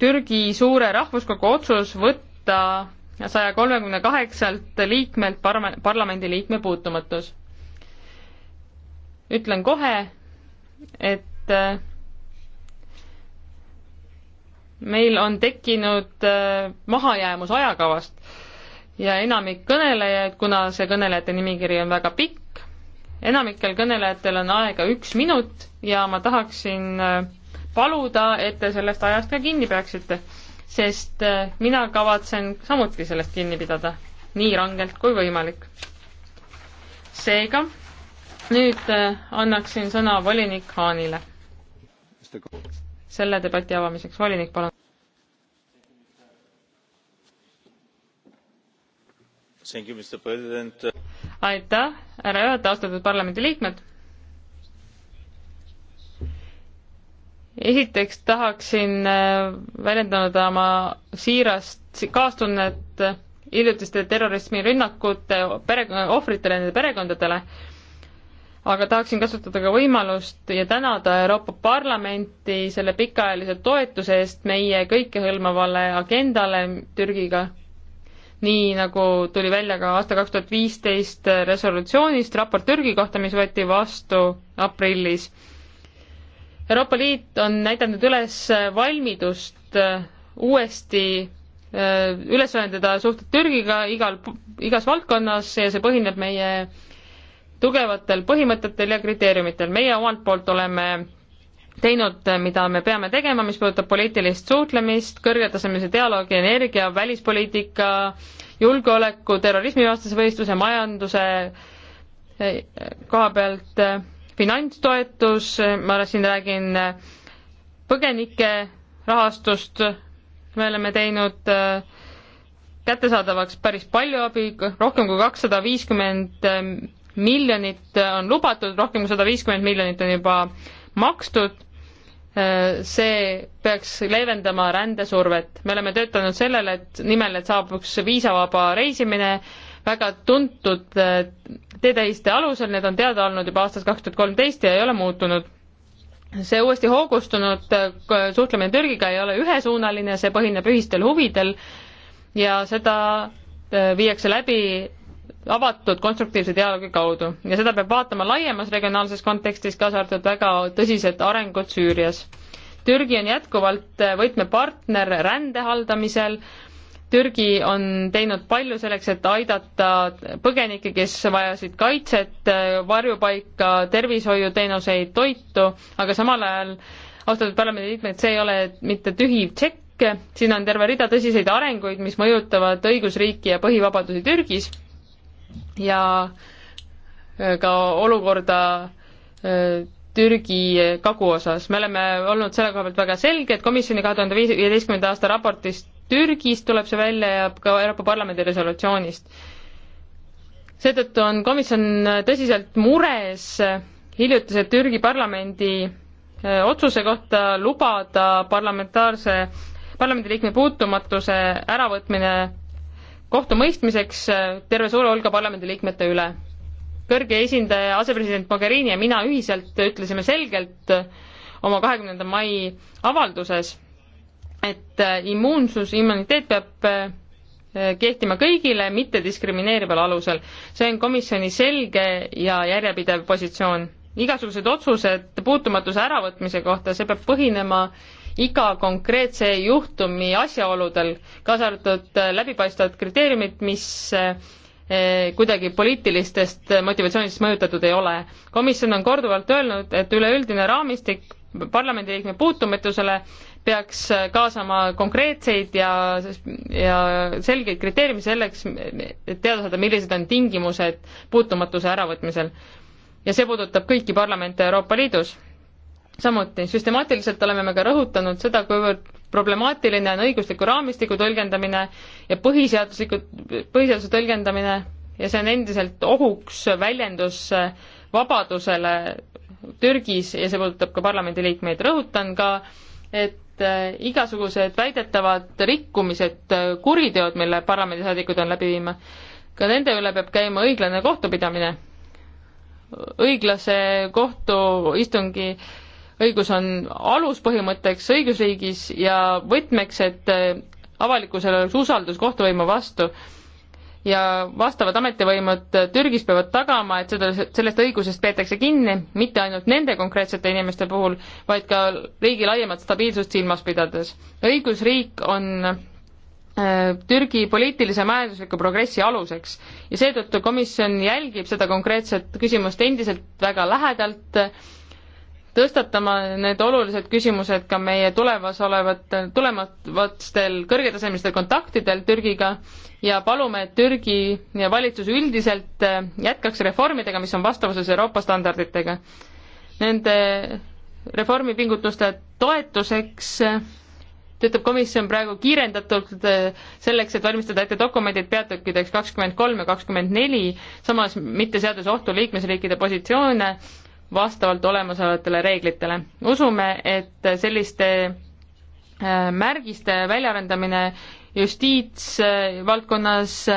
Türgi suure rahvuskogu otsus võtta saja kolmekümne kaheksalt liikmelt parma-, parlamendiliikme puutumatus. ütlen kohe, et äh, meil on tekkinud äh, mahajäämus ajakavast ja enamik kõnelejaid, kuna see kõnelejate nimikiri on väga pikk, enamikel kõnelejatel on aega üks minut ja ma tahaksin äh, paluda, et te sellest ajast ka kinni peaksite, sest äh, mina kavatsen samuti sellest kinni pidada, nii rangelt kui võimalik. seega nüüd äh, annaksin sõna volinik Haanile. selle debati avamiseks, volinik, palun. aitäh, härra juhataja, austatud parlamendiliikmed esiteks tahaksin äh, väljendada oma siirast kaastunnet äh, hiljutiste terrorismirünnakute perekonna, ohvritele ja nende perekondadele, aga tahaksin kasutada ka võimalust ja tänada Euroopa Parlamenti selle pikaajalise toetuse eest meie kõikehõlmavale agendale Türgiga, nii nagu tuli välja ka aasta kaks tuhat viisteist resolutsioonist, raport Türgi kohta, mis võeti vastu aprillis Euroopa Liit on näidanud üles valmidust äh, uuesti äh, üles arendada suhted Türgiga igal, igas valdkonnas ja see põhineb meie tugevatel põhimõtetel ja kriteeriumitel. meie omalt poolt oleme teinud, äh, mida me peame tegema, mis puudutab poliitilist suhtlemist, kõrgetasemelise dialoogi, energia, välispoliitika, julgeoleku, terrorismivastase võistluse, majanduse koha pealt finantstoetus, ma siin räägin põgenike rahastust, me oleme teinud äh, kättesaadavaks päris palju abi, rohkem kui kakssada viiskümmend äh, miljonit on lubatud, rohkem kui sada viiskümmend miljonit on juba makstud äh, see peaks leevendama rändesurvet. me oleme töötanud sellele, et nimel, et saabuks viisavaba reisimine, väga tuntud äh, teetähiste alusel, need on teada olnud juba aastast kaks tuhat kolmteist ja ei ole muutunud. see uuesti hoogustunud äh, suhtlemine Türgiga ei ole ühesuunaline, see põhineb ühistel huvidel ja seda äh, viiakse läbi avatud konstruktiivse dialoogi kaudu ja seda peab vaatama laiemas regionaalses kontekstis, kaasa arvatud väga tõsised arengud Süürias. Türgi on jätkuvalt võtmepartner rände haldamisel Türgi on teinud palju selleks, et aidata põgenikke, kes vajasid kaitset, varjupaika, tervishoiuteenuseid, toitu, aga samal ajal, austatud parlamendiliikmed, see ei ole mitte tühi tšekk, siin on terve rida tõsiseid arenguid, mis mõjutavad õigusriiki ja põhivabadusi Türgis ja ka olukorda äh, Türgi kagu osas. me oleme olnud selle koha pealt väga selged, komisjoni kahe tuhande viieteistkümnenda aasta raportist Türgis tuleb see välja ja ka Euroopa Parlamendi resolutsioonist. seetõttu on komisjon tõsiselt mures hiljutise Türgi parlamendi äh, otsuse kohta lubada parlamentaarse, parlamendiliikme puutumatuse äravõtmine kohtumõistmiseks äh, terve suure hulga parlamendiliikmete üle. kõrge esindaja, asepresident Mogherini ja mina ühiselt ütlesime selgelt äh, oma kahekümnenda mai avalduses et äh, immuunsus, immuniteet peab äh, kehtima kõigile mittediskrimineerival alusel. see on komisjoni selge ja järjepidev positsioon. igasugused otsused puutumatuse äravõtmise kohta, see peab põhinema iga konkreetse juhtumi asjaoludel, kaasa arvatud äh, läbipaistvad kriteeriumid, mis kuidagi poliitilistest motivatsioonidest mõjutatud ei ole. komisjon on korduvalt öelnud, et üleüldine raamistik parlamendiliikme puutumatusele peaks kaasama konkreetseid ja, ja selgeid kriteeriume selleks, et teada saada, millised on tingimused puutumatuse äravõtmisel. ja see puudutab kõiki parlamente Euroopa Liidus. samuti süstemaatiliselt oleme me ka rõhutanud seda, kuivõrd problemaatiline on õigusliku raamistiku tõlgendamine ja põhiseadusliku, põhiseaduse tõlgendamine ja see on endiselt ohuks väljendus vabadusele Türgis ja see puudutab ka parlamendiliikmeid. rõhutan ka, et et äh, igasugused väidetavad rikkumised, äh, kuriteod, mille parlamendisaadikud on läbi viima, ka nende üle peab käima õiglane kohtupidamine. õiglase kohtuistungi õigus on aluspõhimõtteks õigusriigis ja võtmeks, et äh, avalikkusel oleks usaldus kohtuvõimu vastu ja vastavad ametivõimud Türgis peavad tagama, et seda, sellest õigusest peetakse kinni, mitte ainult nende konkreetsete inimeste puhul, vaid ka riigi laiemat stabiilsust silmas pidades. õigusriik on äh, Türgi poliitilise majandusliku progressi aluseks ja seetõttu komisjon jälgib seda konkreetset küsimust endiselt väga lähedalt äh,, tõstatama need olulised küsimused ka meie tulevas olevatel, tulevatel kõrgetasemelistel kontaktidel Türgiga ja palume, et Türgi valitsus üldiselt äh, jätkaks reformidega, mis on vastavuses Euroopa standarditega. Nende reformipingutuste toetuseks äh, töötab komisjon praegu kiirendatult äh, selleks, et valmistada ette dokumendid peatükkideks kakskümmend kolm ja kakskümmend neli, samas mitte seades ohtu liikmesriikide positsioone vastavalt olemasolevatele reeglitele. usume, et selliste äh, märgiste väljaarendamine justiitsvaldkonnas, äh,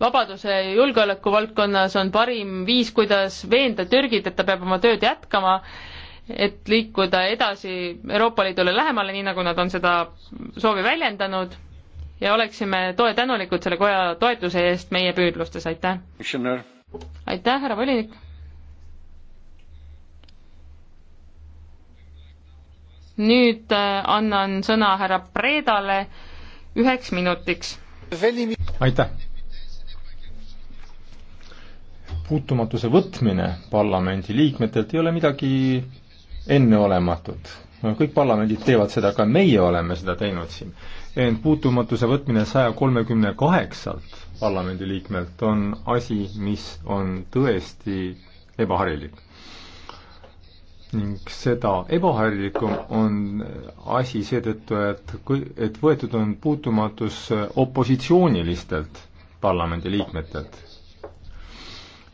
vabaduse ja julgeoleku valdkonnas on parim viis, kuidas veenda Türgit, et ta peab oma tööd jätkama, et liikuda edasi Euroopa Liidule lähemale, nii nagu nad on seda soovi väljendanud ja oleksime toe tänulikud selle koja toetuse eest meie püüdlustes, aitäh! aitäh, härra volinik! nüüd äh, annan sõna härra Predale üheks minutiks. aitäh! puutumatuse võtmine parlamendi liikmetelt ei ole midagi enneolematut. kõik parlamendid teevad seda, ka meie oleme seda teinud siin. ent puutumatuse võtmine saja kolmekümne kaheksalt parlamendiliikmelt on asi, mis on tõesti ebaharilik ning seda ebaharilikum on asi seetõttu, et kui, et võetud on puutumatus opositsioonilistelt parlamendiliikmetelt.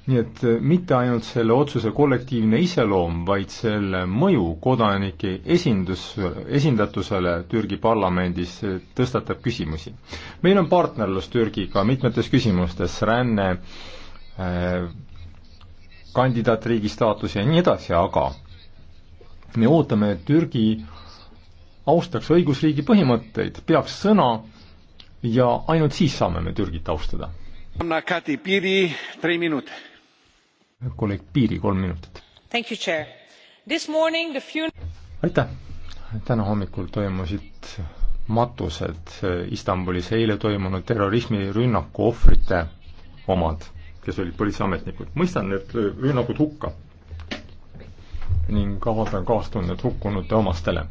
nii et mitte ainult selle otsuse kollektiivne iseloom, vaid selle mõju kodanike esindus, esindatusele Türgi parlamendis tõstatab küsimusi. meil on partnerlus Türgiga mitmetes küsimustes, ränne, eh, kandidaatriigi staatus ja nii edasi, aga me ootame, et Türgi austaks õigusriigi põhimõtteid, peaks sõna ja ainult siis saame me Türgit austada. anna Kati Piiri, kolm minutit. kolleeg Piiri, kolm minutit. aitäh. täna hommikul toimusid matused Istanbulis eile toimunud terrorismirünnaku ohvrite omad, kes olid politseiametnikud. mõistan need rünnakud hukka ning avaldan kaastunnet hukkunute omastele.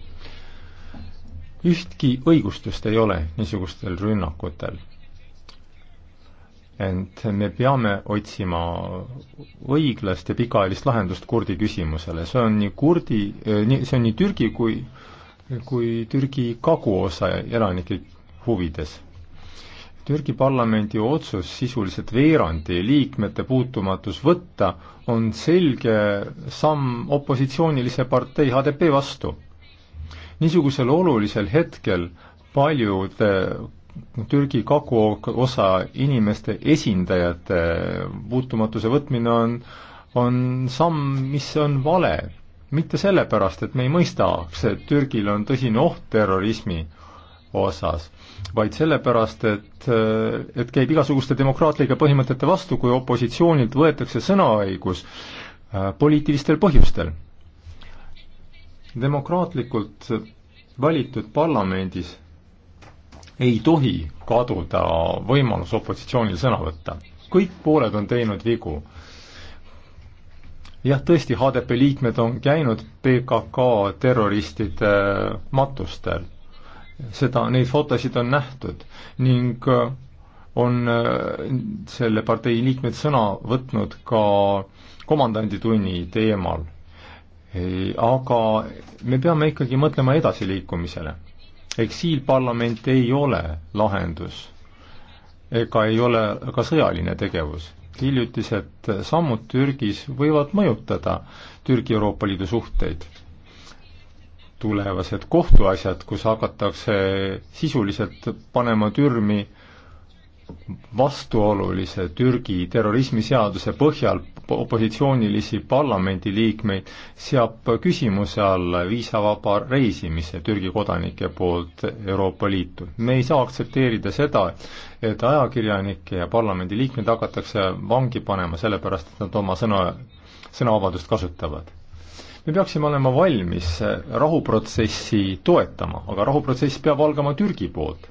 ühtki õigustust ei ole niisugustel rünnakutel. ent me peame otsima õiglast ja pikaajalist lahendust kurdi küsimusele, see on nii kurdi, eh, nii, see on nii Türgi kui, kui Türgi kaguosa elanike huvides Türgi parlamendi otsus sisuliselt veerandi liikmete puutumatus võtta on selge samm opositsioonilise partei HDP vastu. niisugusel olulisel hetkel paljud Türgi kaguosa inimeste esindajate puutumatuse võtmine on, on samm, mis on vale. mitte sellepärast, et me ei mõistaks, et Türgil on tõsine oht terrorismi osas, vaid sellepärast, et, et käib igasuguste demokraatlike põhimõtete vastu, kui opositsioonilt võetakse sõnaõigus äh, poliitilistel põhjustel. demokraatlikult valitud parlamendis ei tohi kaduda võimalus opositsioonil sõna võtta. kõik pooled on teinud vigu jah, tõesti, HDP liikmed on käinud PKK terroristide matustel seda, neid fotosid on nähtud ning äh, on äh, selle partei liikmed sõna võtnud ka komandanditunni teemal. aga me peame ikkagi mõtlema edasiliikumisele. eksiilparlament ei ole lahendus ega ei ole ka sõjaline tegevus. hiljutised sammud Türgis võivad mõjutada Türgi Euroopa Liidu suhteid tulevased kohtuasjad, kus hakatakse sisuliselt panema türmi vastuolulise Türgi terrorismiseaduse põhjal opositsioonilisi parlamendiliikmeid, seab küsimuse alla viisavaba reisimise Türgi kodanike poolt Euroopa Liitu. me ei saa aktsepteerida seda, et ajakirjanikke ja parlamendiliikmeid hakatakse vangi panema sellepärast, et nad oma sõna, sõnavabadust kasutavad me peaksime olema valmis rahuprotsessi toetama, aga rahuprotsess peab algama Türgi poolt.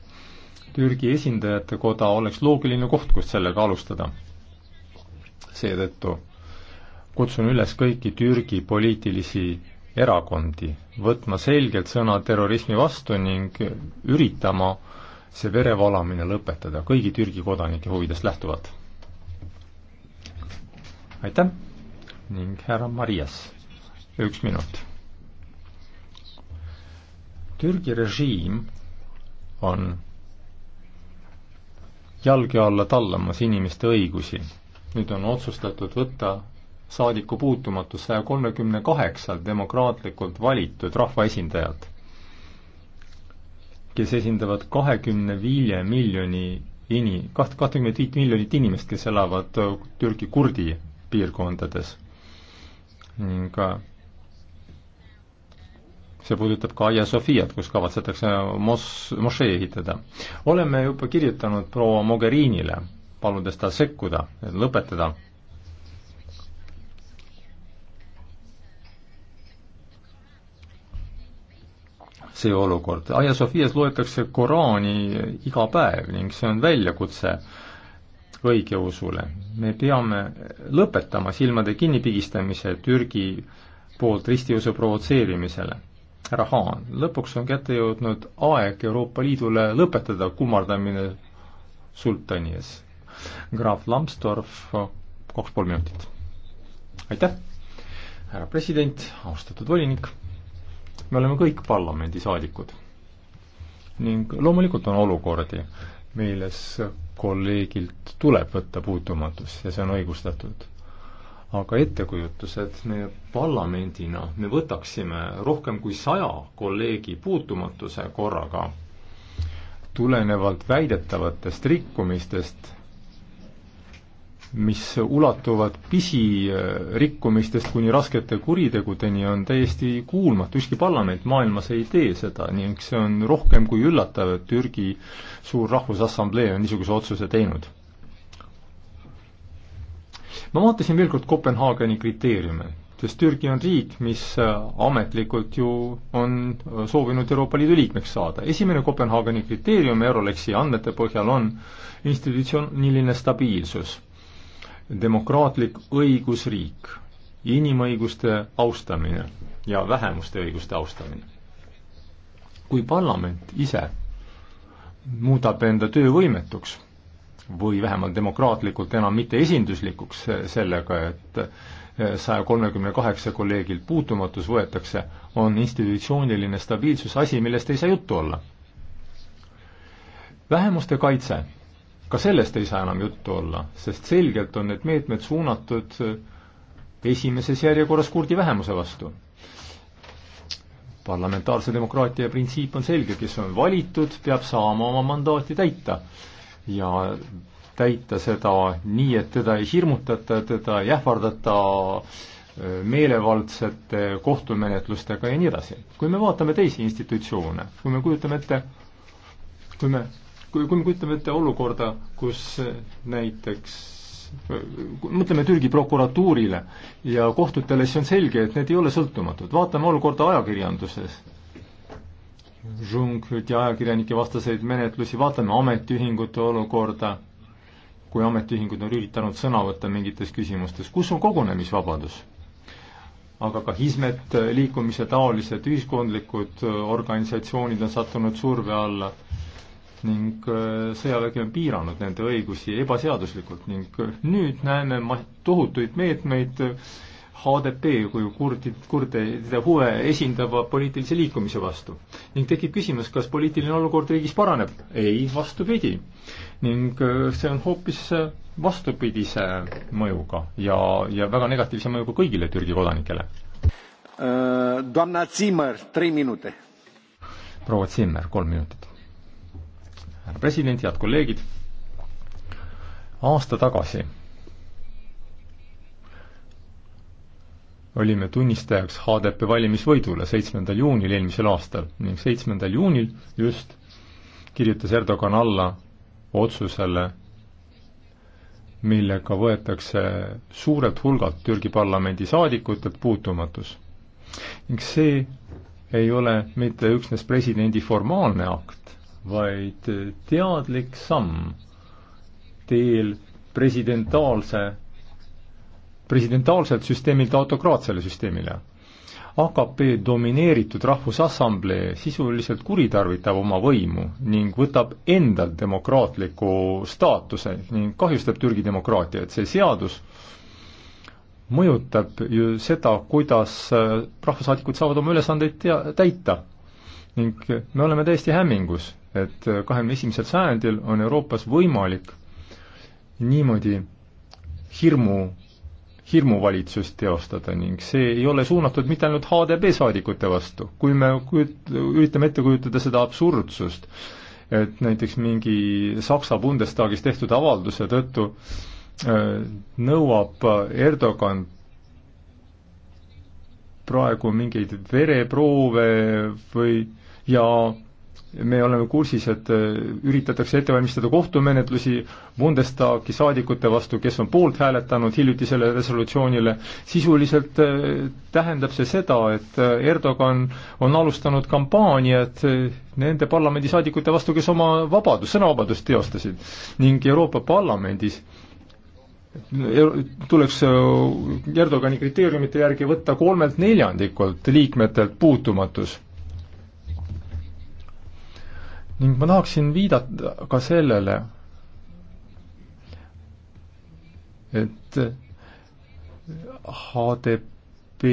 Türgi esindajate koda oleks loogiline koht, kust sellega alustada. seetõttu kutsun üles kõiki Türgi poliitilisi erakondi võtma selgelt sõna terrorismi vastu ning üritama see verevalamine lõpetada kõigi Türgi kodanike huvidest lähtuvalt. aitäh ning härra Marias üks minut. Türgi režiim on jalge alla tallamas inimeste õigusi. nüüd on otsustatud võtta saadikupuutumatus saja kolmekümne kaheksal demokraatlikult valitud rahvaesindajalt, kes esindavad kahekümne viie miljoni ini-, kaht-, kahtekümmet viit miljonit inimest, kes elavad Türgi kurdi piirkondades ning see puudutab ka Aia Sofiat, kus kavatsetakse mos-, mošee ehitada. oleme juba kirjutanud proua Mogherinile, paludes tal sekkuda, lõpetada see olukord. Aia Sofias loetakse Koraani iga päev ning see on väljakutse õigeusule. me peame lõpetama silmade kinnipigistamise Türgi poolt ristiusu provotseerimisele härra Haan, lõpuks on kätte jõudnud aeg Euroopa Liidule lõpetada kummardamine sultani ees. graaf Lambsdorff, kaks pool minutit. aitäh, härra president, austatud volinik, me oleme kõik parlamendisaadikud. ning loomulikult on olukordi, milles kolleegilt tuleb võtta puutumatus ja see on õigustatud aga ettekujutus, et me parlamendina, me võtaksime rohkem kui saja kolleegi puutumatuse korraga tulenevalt väidetavatest rikkumistest, mis ulatuvad pisirikkumistest äh, kuni raskete kuritegudeni, on täiesti kuulmatu, ükski parlament maailmas ei tee seda ning see on rohkem kui üllatav, et Türgi suur rahvusassamblee on niisuguse otsuse teinud ma vaatasin veel kord Kopenhaageni kriteeriume, sest Türgi on riik, mis äh, ametlikult ju on äh, soovinud Euroopa Liidu liikmeks saada. esimene Kopenhaageni kriteerium Euroleksi andmete põhjal on institutsiooniline stabiilsus, demokraatlik õigusriik, inimõiguste austamine ja vähemuste õiguste austamine. kui parlament ise muudab enda töövõimetuks või vähemalt demokraatlikult enam mitte esinduslikuks sellega, et eh, saja kolmekümne kaheksa kolleegilt puutumatus võetakse, on institutsiooniline stabiilsus asi, millest ei saa juttu olla. vähemuste kaitse, ka sellest ei saa enam juttu olla, sest selgelt on need meetmed suunatud eh, esimeses järjekorras kurdi vähemuse vastu parlamentaarse demokraatia printsiip on selge, kes on valitud, peab saama oma mandaati täita ja täita seda nii, et teda ei hirmutata, teda ei ähvardata äh, meelevaldsete kohtumenetlustega ja nii edasi. kui me vaatame teisi institutsioone, kui me kujutame ette, kui me, kui, kui me kujutame ette olukorda, kus äh, näiteks äh, mõtleme Türgi prokuratuurile ja kohtutele, siis on selge, et need ei ole sõltumatud. vaatame olukorda ajakirjanduses žunglid ja ajakirjanike vastaseid menetlusi, vaatame ametiühingute olukorda, kui ametiühingud on üritanud sõna võtta mingites küsimustes, kus on kogunemisvabadus? aga ka Hizmet liikumise taolised ühiskondlikud organisatsioonid on sattunud surve alla ning äh, sõjavägi on piiranud nende õigusi ebaseaduslikult ning äh, nüüd näeme ma-, tohutuid meetmeid meet, HDP kui kurdi, kurdide huve esindava poliitilise liikumise vastu. ning tekib küsimus, kas poliitiline olukord riigis paraneb? ei, vastupidi. ning äh, see on hoopis äh, vastupidise mõjuga ja, ja väga negatiivse mõjuga kõigile Türgi kodanikele. Äh, Donna Zimmer, tri minute. proua Zimmer, kolm minutit. härra president, head kolleegid, aasta tagasi olime tunnistajaks HDP valimisvõidule seitsmendal juunil eelmisel aastal ning seitsmendal juunil just kirjutas Erdogan alla otsusele, millega võetakse suurelt hulgalt Türgi parlamendi saadikutelt puutumatus. ning see ei ole mitte üksnes presidendi formaalne akt, vaid teadlik samm teel presidentaalse presidentaalselt süsteemilt autokraatsele süsteemile. AKP domineeritud Rahvusassamblee sisuliselt kuritarvitab oma võimu ning võtab endalt demokraatliku staatuse ning kahjustab Türgi demokraatiat, see seadus mõjutab ju seda, kuidas äh, rahvasaadikud saavad oma ülesandeid tea-, täita. ning me oleme täiesti hämmingus, et äh, kahekümne esimesel sajandil on Euroopas võimalik niimoodi hirmu hirmuvalitsust teostada ning see ei ole suunatud mitte ainult HDP saadikute vastu, kui me kujut-, üritame ette kujutada seda absurdsust, et näiteks mingi Saksa Bundestagis tehtud avalduse tõttu äh, nõuab Erdogan praegu mingeid vereproove või ja me oleme kursis, et äh, üritatakse ette valmistada kohtumenetlusi Bundestagi saadikute vastu, kes on poolt hääletanud hiljuti selle resolutsioonile, sisuliselt äh, tähendab see seda, et äh, Erdogan on alustanud kampaaniat nende parlamendisaadikute vastu, kes oma vabadus, sõnavabadust teostasid. ning Euroopa Parlamendis tuleks Erdogani kriteeriumite järgi võtta kolmelt neljandikult liikmetelt puutumatus ning ma tahaksin viidata ka sellele, et HDP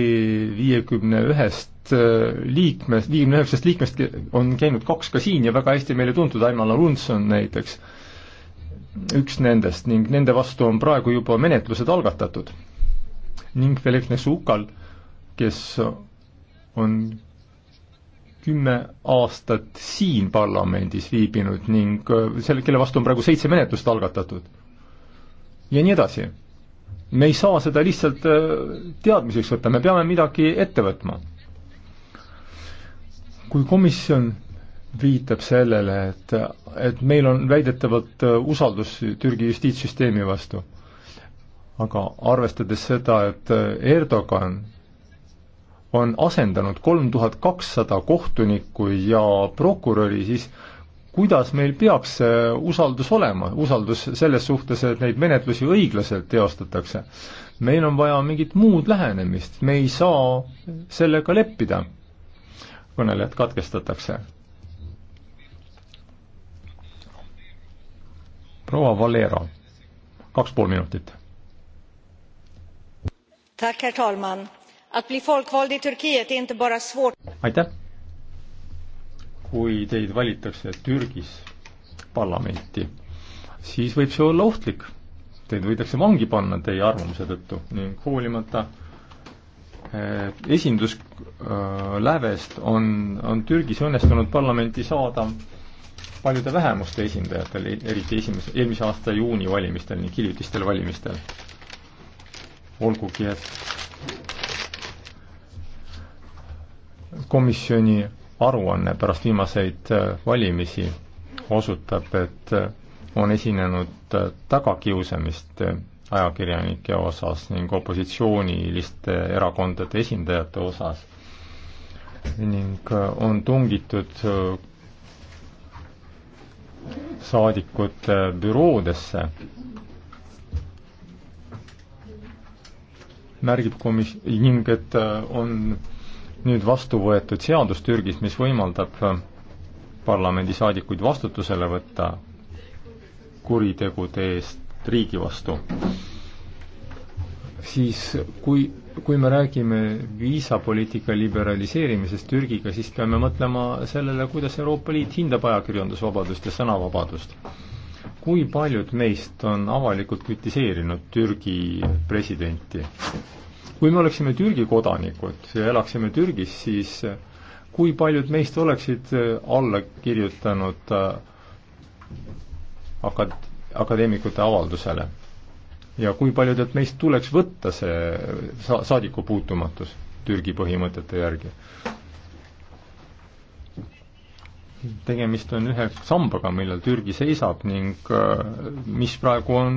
viiekümne ühest liikmest, viiekümne üheksast liikmest on käinud kaks ka siin ja väga hästi meile tuntud, Aimar Lundson näiteks, üks nendest ning nende vastu on praegu juba menetlused algatatud. ning Felix Nesukal, kes on kümme aastat siin parlamendis viibinud ning äh, selle, kelle vastu on praegu seitse menetlust algatatud. ja nii edasi. me ei saa seda lihtsalt äh, teadmiseks võtta, me peame midagi ette võtma. kui komisjon viitab sellele, et, et meil on väidetavalt äh, usaldus Türgi justiitssüsteemi vastu, aga arvestades seda, et Erdogan on asendanud kolm tuhat kakssada kohtunikku ja prokuröri, siis kuidas meil peaks see usaldus olema, usaldus selles suhtes, et neid menetlusi õiglaselt teostatakse? meil on vaja mingit muud lähenemist, me ei saa sellega leppida. kõnelejad katkestatakse. proua Valero, kaks pool minutit. herr talman Att bli folkvald i Turkiet är inte bara svårt. aitäh! kui teid valitakse Türgis parlamenti, siis võib see olla ohtlik. Teid võidakse vangi panna teie arvamuse tõttu ning hoolimata eh, esinduslävest on, on Türgis õnnestunud parlamenti saada paljude vähemuste esindajatel, eriti esimese, eelmise aasta juuni valimistel ning hiljutistel valimistel. olgugi, et komisjoni aruanne pärast viimaseid äh, valimisi osutab, et äh, on esinenud äh, tagakiusamist ajakirjanike osas ning opositsiooniliste erakondade esindajate osas ning on tungitud saadikute büroodesse, märgib komis-, ning et on nüüd vastu võetud seadus Türgis, mis võimaldab äh, parlamendisaadikuid vastutusele võtta kuritegude eest riigi vastu, siis kui, kui me räägime viisapoliitika liberaliseerimisest Türgiga, siis peame mõtlema sellele, kuidas Euroopa Liit hindab ajakirjandusvabadust ja sõnavabadust. kui paljud meist on avalikult kritiseerinud Türgi presidenti kui me oleksime Türgi kodanikud ja elaksime Türgis, siis kui paljud meist oleksid äh, alla kirjutanud äh, akad-, akadeemikute avaldusele? ja kui paljudelt meist tuleks võtta see äh, sa-, saadikupuutumatus Türgi põhimõtete järgi? tegemist on ühe sambaga, millel Türgi seisab ning mis praegu on,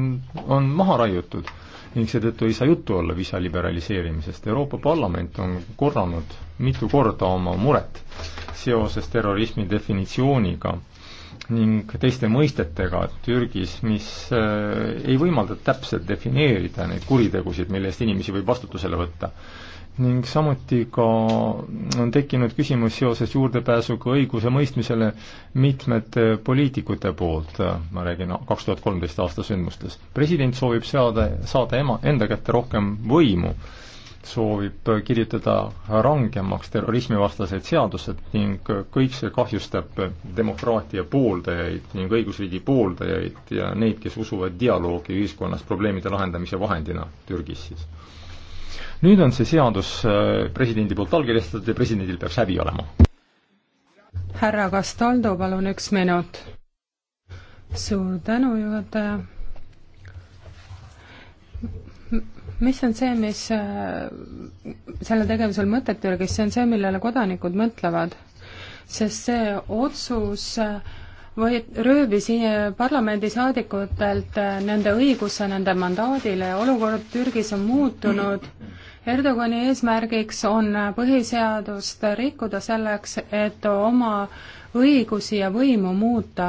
on maha raiutud ning seetõttu ei saa juttu olla viisa liberaliseerimisest. Euroopa Parlament on korranud mitu korda oma muret seoses terrorismi definitsiooniga ning teiste mõistetega Türgis, mis äh, ei võimalda täpselt defineerida neid kuritegusid, mille eest inimesi võib vastutusele võtta ning samuti ka on tekkinud küsimus seoses juurdepääsuga õigusemõistmisele mitmete poliitikute poolt, ma räägin kaks tuhat kolmteist aasta sündmustes. president soovib seada, saada ema, enda kätte rohkem võimu, soovib kirjutada rangemaks terrorismivastaseid seadused ning kõik see kahjustab demokraatia pooldajaid ning õigusriigi pooldajaid ja neid, kes usuvad dialoogi ühiskonnas probleemide lahendamise vahendina Türgis siis nüüd on see seadus äh, presidendi poolt allkirjastatud ja presidendil peaks häbi olema. härra Castaldo, palun üks minut. suur tänu, juhataja mis on see, mis äh, selle tegevusel mõtet järgis, see on see, millele kodanikud mõtlevad. sest see otsus äh, või röövis parlamendisaadikutelt nende õiguse nende mandaadile ja olukord Türgis on muutunud mm. Erdogani eesmärgiks on põhiseadust rikkuda selleks, et oma õigusi ja võimu muuta.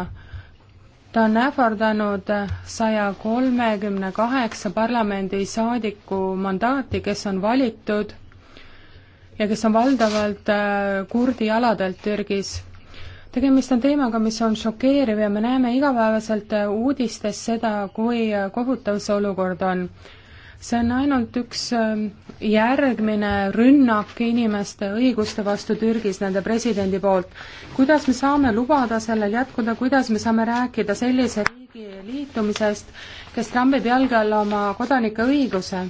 ta on ähvardanud saja kolmekümne kaheksa parlamendisaadiku mandaati, kes on valitud ja kes on valdavalt äh, kurdi aladelt Türgis tegemist on teemaga, mis on šokeeriv ja me näeme igapäevaselt äh, uudistes seda, kui äh, kohutav see olukord on see on ainult üks ähm, järgmine rünnak inimeste õiguste vastu Türgis nende presidendi poolt. kuidas me saame lubada sellel jätkuda, kuidas me saame rääkida sellise riigi liitumisest, kes trambib jalge alla oma kodanike õiguse?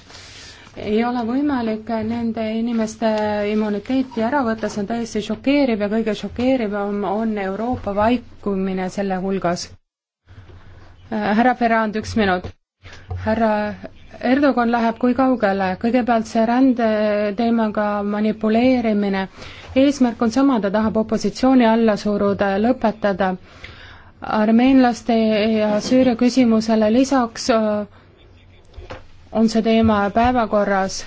ei ole võimalik nende inimeste immuniteeti ära võtta, see on täiesti šokeeriv ja kõige šokeerivam on Euroopa vaikumine selle hulgas. Äh, härra Ferrand, üks minut. härra Erdogan läheb kui kaugele, kõigepealt see rändeteemaga manipuleerimine, eesmärk on sama, ta tahab opositsiooni alla suruda ja lõpetada. armeenlaste ja Süüria küsimusele lisaks äh, on see teema päevakorras.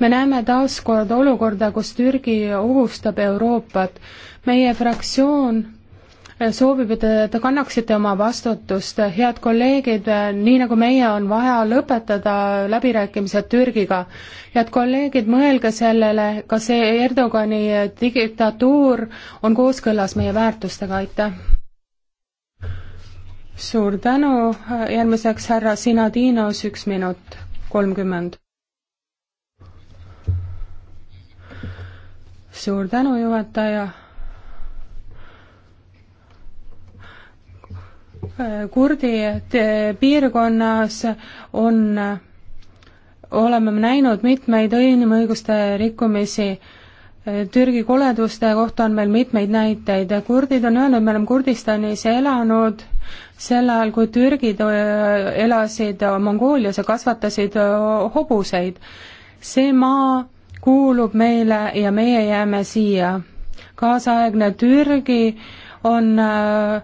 me näeme taaskord olukorda, kus Türgi ohustab Euroopat. meie fraktsioon soovib, et te kannaksite oma vastutust, head kolleegid, nii nagu meie, on vaja lõpetada läbirääkimised Türgiga. head kolleegid, mõelge sellele, kas see Erdogani diktatuur on kooskõlas meie väärtustega, aitäh! suur tänu, järgmiseks härra Sinadinos, üks minut kolmkümmend. suur tänu, juhataja kurdi piirkonnas on, oleme me näinud mitmeid inimõiguste rikkumisi. Türgi koleduste kohta on meil mitmeid näiteid, kurdid on öelnud, me oleme Kurdistanis elanud sel ajal, kui türgid äh, elasid Mongoolias ja kasvatasid äh, hobuseid. see maa kuulub meile ja meie jääme siia. kaasaegne Türgi on äh,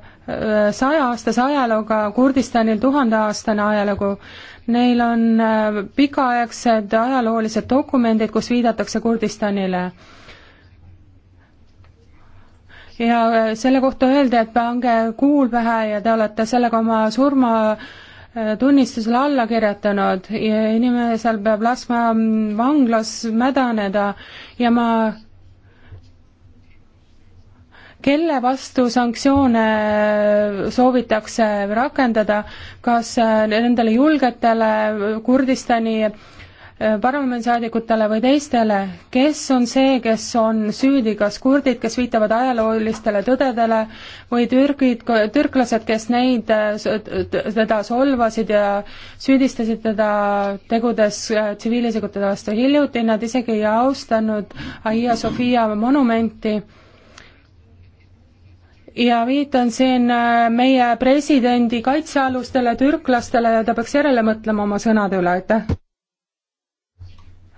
sajaaastase ajalooga, Kurdistanil tuhandeaastane ajalugu. Neil on äh, pikaaegsed ajaloolised dokumendid, kus viidatakse Kurdistanile. ja äh, selle kohta öeldi, et pange kuul pähe ja te olete sellega oma surma äh, tunnistusele alla kirjutanud ja inimesel peab laskma vanglas mädaneda ja ma kelle vastu sanktsioone soovitakse rakendada, kas äh, nendele julgetele Kurdistani äh, parlamendisaadikutele või teistele, kes on see, kes on süüdi, kas kurdid, kes viitavad ajaloolistele tõdedele või türgid, türklased, kes neid, äh, teda solvasid ja süüdistasid teda tegudes tsiviilisikute vastu. hiljuti nad isegi ei austanud Aia Sofia monumenti ja viitan siin äh, meie presidendi kaitsealustele türklastele ja ta peaks järele mõtlema oma sõnade üle, aitäh.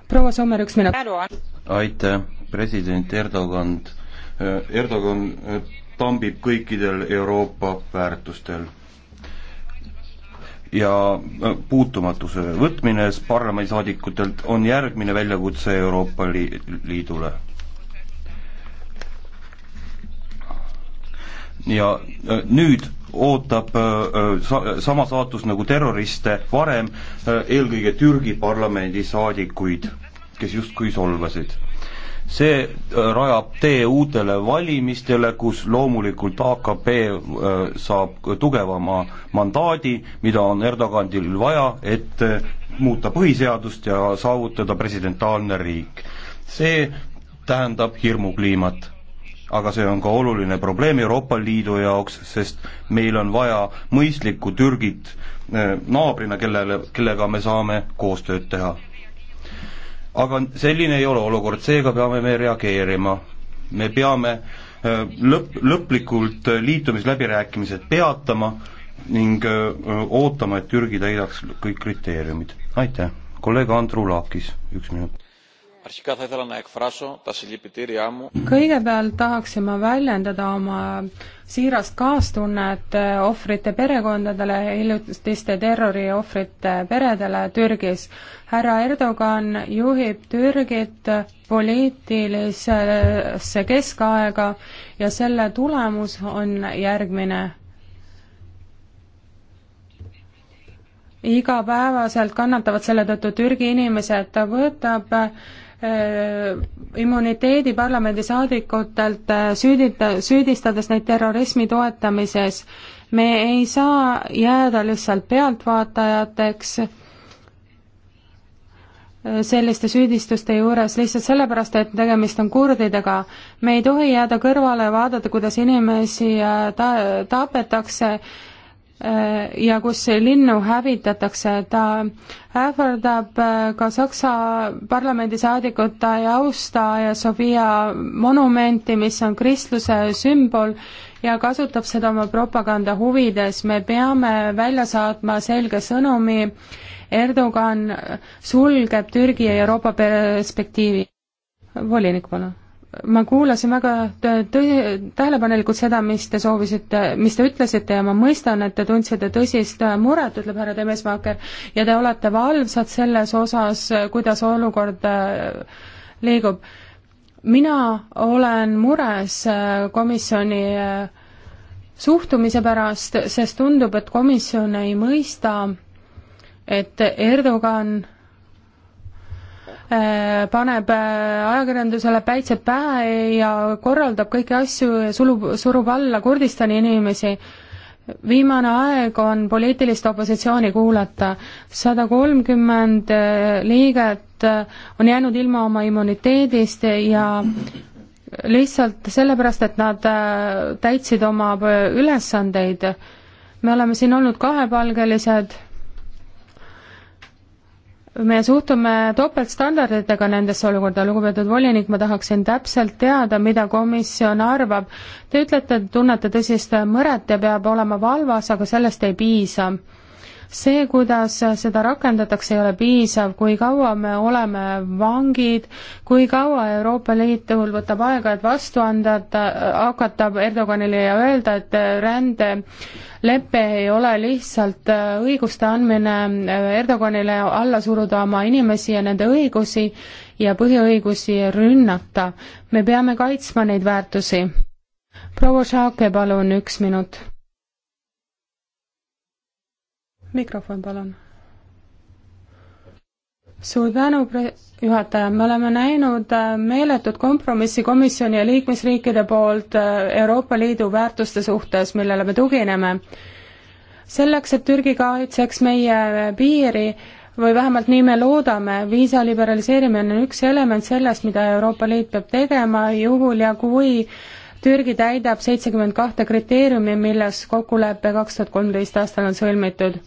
proua Sommer, üks minut. aitäh, president Erdogan, äh, Erdogan äh, tambib kõikidel Euroopa väärtustel ja puutumatuse võtmine parlamendisaadikutelt on järgmine väljakutse Euroopa Liidule ja äh, nüüd ootab äh, äh, sa-, sama saatus nagu terroriste varem, eelkõige Türgi parlamendi saadikuid, kes justkui solvasid. see rajab tee uutele valimistele, kus loomulikult AKP saab tugevama mandaadi, mida on Erdoganil vaja, et muuta põhiseadust ja saavutada presidentaalne riik. see tähendab hirmukliimat aga see on ka oluline probleem Euroopa Liidu jaoks, sest meil on vaja mõistlikku Türgit eh, naabrina, kellele, kellega me saame koostööd teha. aga selline ei ole olukord, seega peame me reageerima. me peame eh, lõpp, lõplikult liitumisläbirääkimised peatama ning eh, ootama, et Türgi täidaks kõik kriteeriumid. aitäh, kolleeg Andru Laakis, üks minut kõigepealt tahaksin ma väljendada oma siirast kaastunnet eh, ohvrite perekondadele, hiljutiste terroriohvrite peredele Türgis. härra Erdogan juhib Türgit poliitilisesse keskaega ja selle tulemus on järgmine igapäevaselt kannatavad selle tõttu Türgi inimesed, võtab äh, immuniteedi parlamendisaadikutelt äh, süüdita-, süüdistades neid terrorismi toetamises. me ei saa jääda lihtsalt pealtvaatajateks äh, selliste süüdistuste juures lihtsalt sellepärast, et tegemist on kurdidega. me ei tohi jääda kõrvale ja vaadata, kuidas inimesi ta-, tapetakse Äh, ja kus linnu hävitatakse, ta ähvardab äh, ka Saksa parlamendisaadikut, ta ei austa ja Sofia monumenti, mis on kristluse sümbol, ja kasutab seda oma propaganda huvides, me peame välja saatma selge sõnumi, Erdogan sulgeb Türgi ja Euroopa perspektiivi. volinik, palun ma kuulasin väga tõi-, tähelepanelikult seda, mis te soovisite, mis te ütlesite ja ma mõistan, et te tundsite tõsist muret, ütleb härra Temesmaaker, ja te olete valvsad selles osas, kuidas olukord äh, liigub. mina olen mures äh, komisjoni äh, suhtumise pärast, sest tundub, et komisjon ei mõista, et Erdogan Äh, paneb äh, ajakirjandusele päitsed pähe ja korraldab kõiki asju ja sulub, surub alla Kurdistani inimesi. viimane aeg on poliitilist opositsiooni kuulata. sada kolmkümmend äh, liiget on jäänud ilma oma immuniteedist ja lihtsalt sellepärast, et nad täitsid oma ülesandeid. me oleme siin olnud kahepalgelised me suhtume topeltstandarditega nendesse olukorda, lugupeetud volinik, ma tahaksin täpselt teada, mida komisjon arvab. Te ütlete, et tunnete tõsist mõret ja peab olema valvas, aga sellest ei piisa. see, kuidas seda rakendatakse, ei ole piisav, kui kaua me oleme vangid, kui kaua Euroopa Liidul võtab aega, et vastu anda, hakata Erdoganile ja öelda, et rände lepe ei ole lihtsalt äh, õiguste andmine äh, Erdoganile alla suruda oma inimesi ja nende õigusi ja põhiõigusi rünnata. me peame kaitsma neid väärtusi. proua Šaake, palun üks minut. mikrofon, palun suur tänu, juhataja, me oleme näinud äh, meeletut kompromissi komisjoni ja liikmesriikide poolt äh, Euroopa Liidu väärtuste suhtes, millele me tugineme. selleks, et Türgi kaitseks meie äh, piiri või vähemalt nii me loodame, viisa liberaliseerimine on üks element sellest, mida Euroopa Liit peab tegema, juhul ja kui Türgi täidab seitsekümmend kahte kriteeriumi, milles kokkulepe kaks tuhat kolmteist aastal on sõlmitud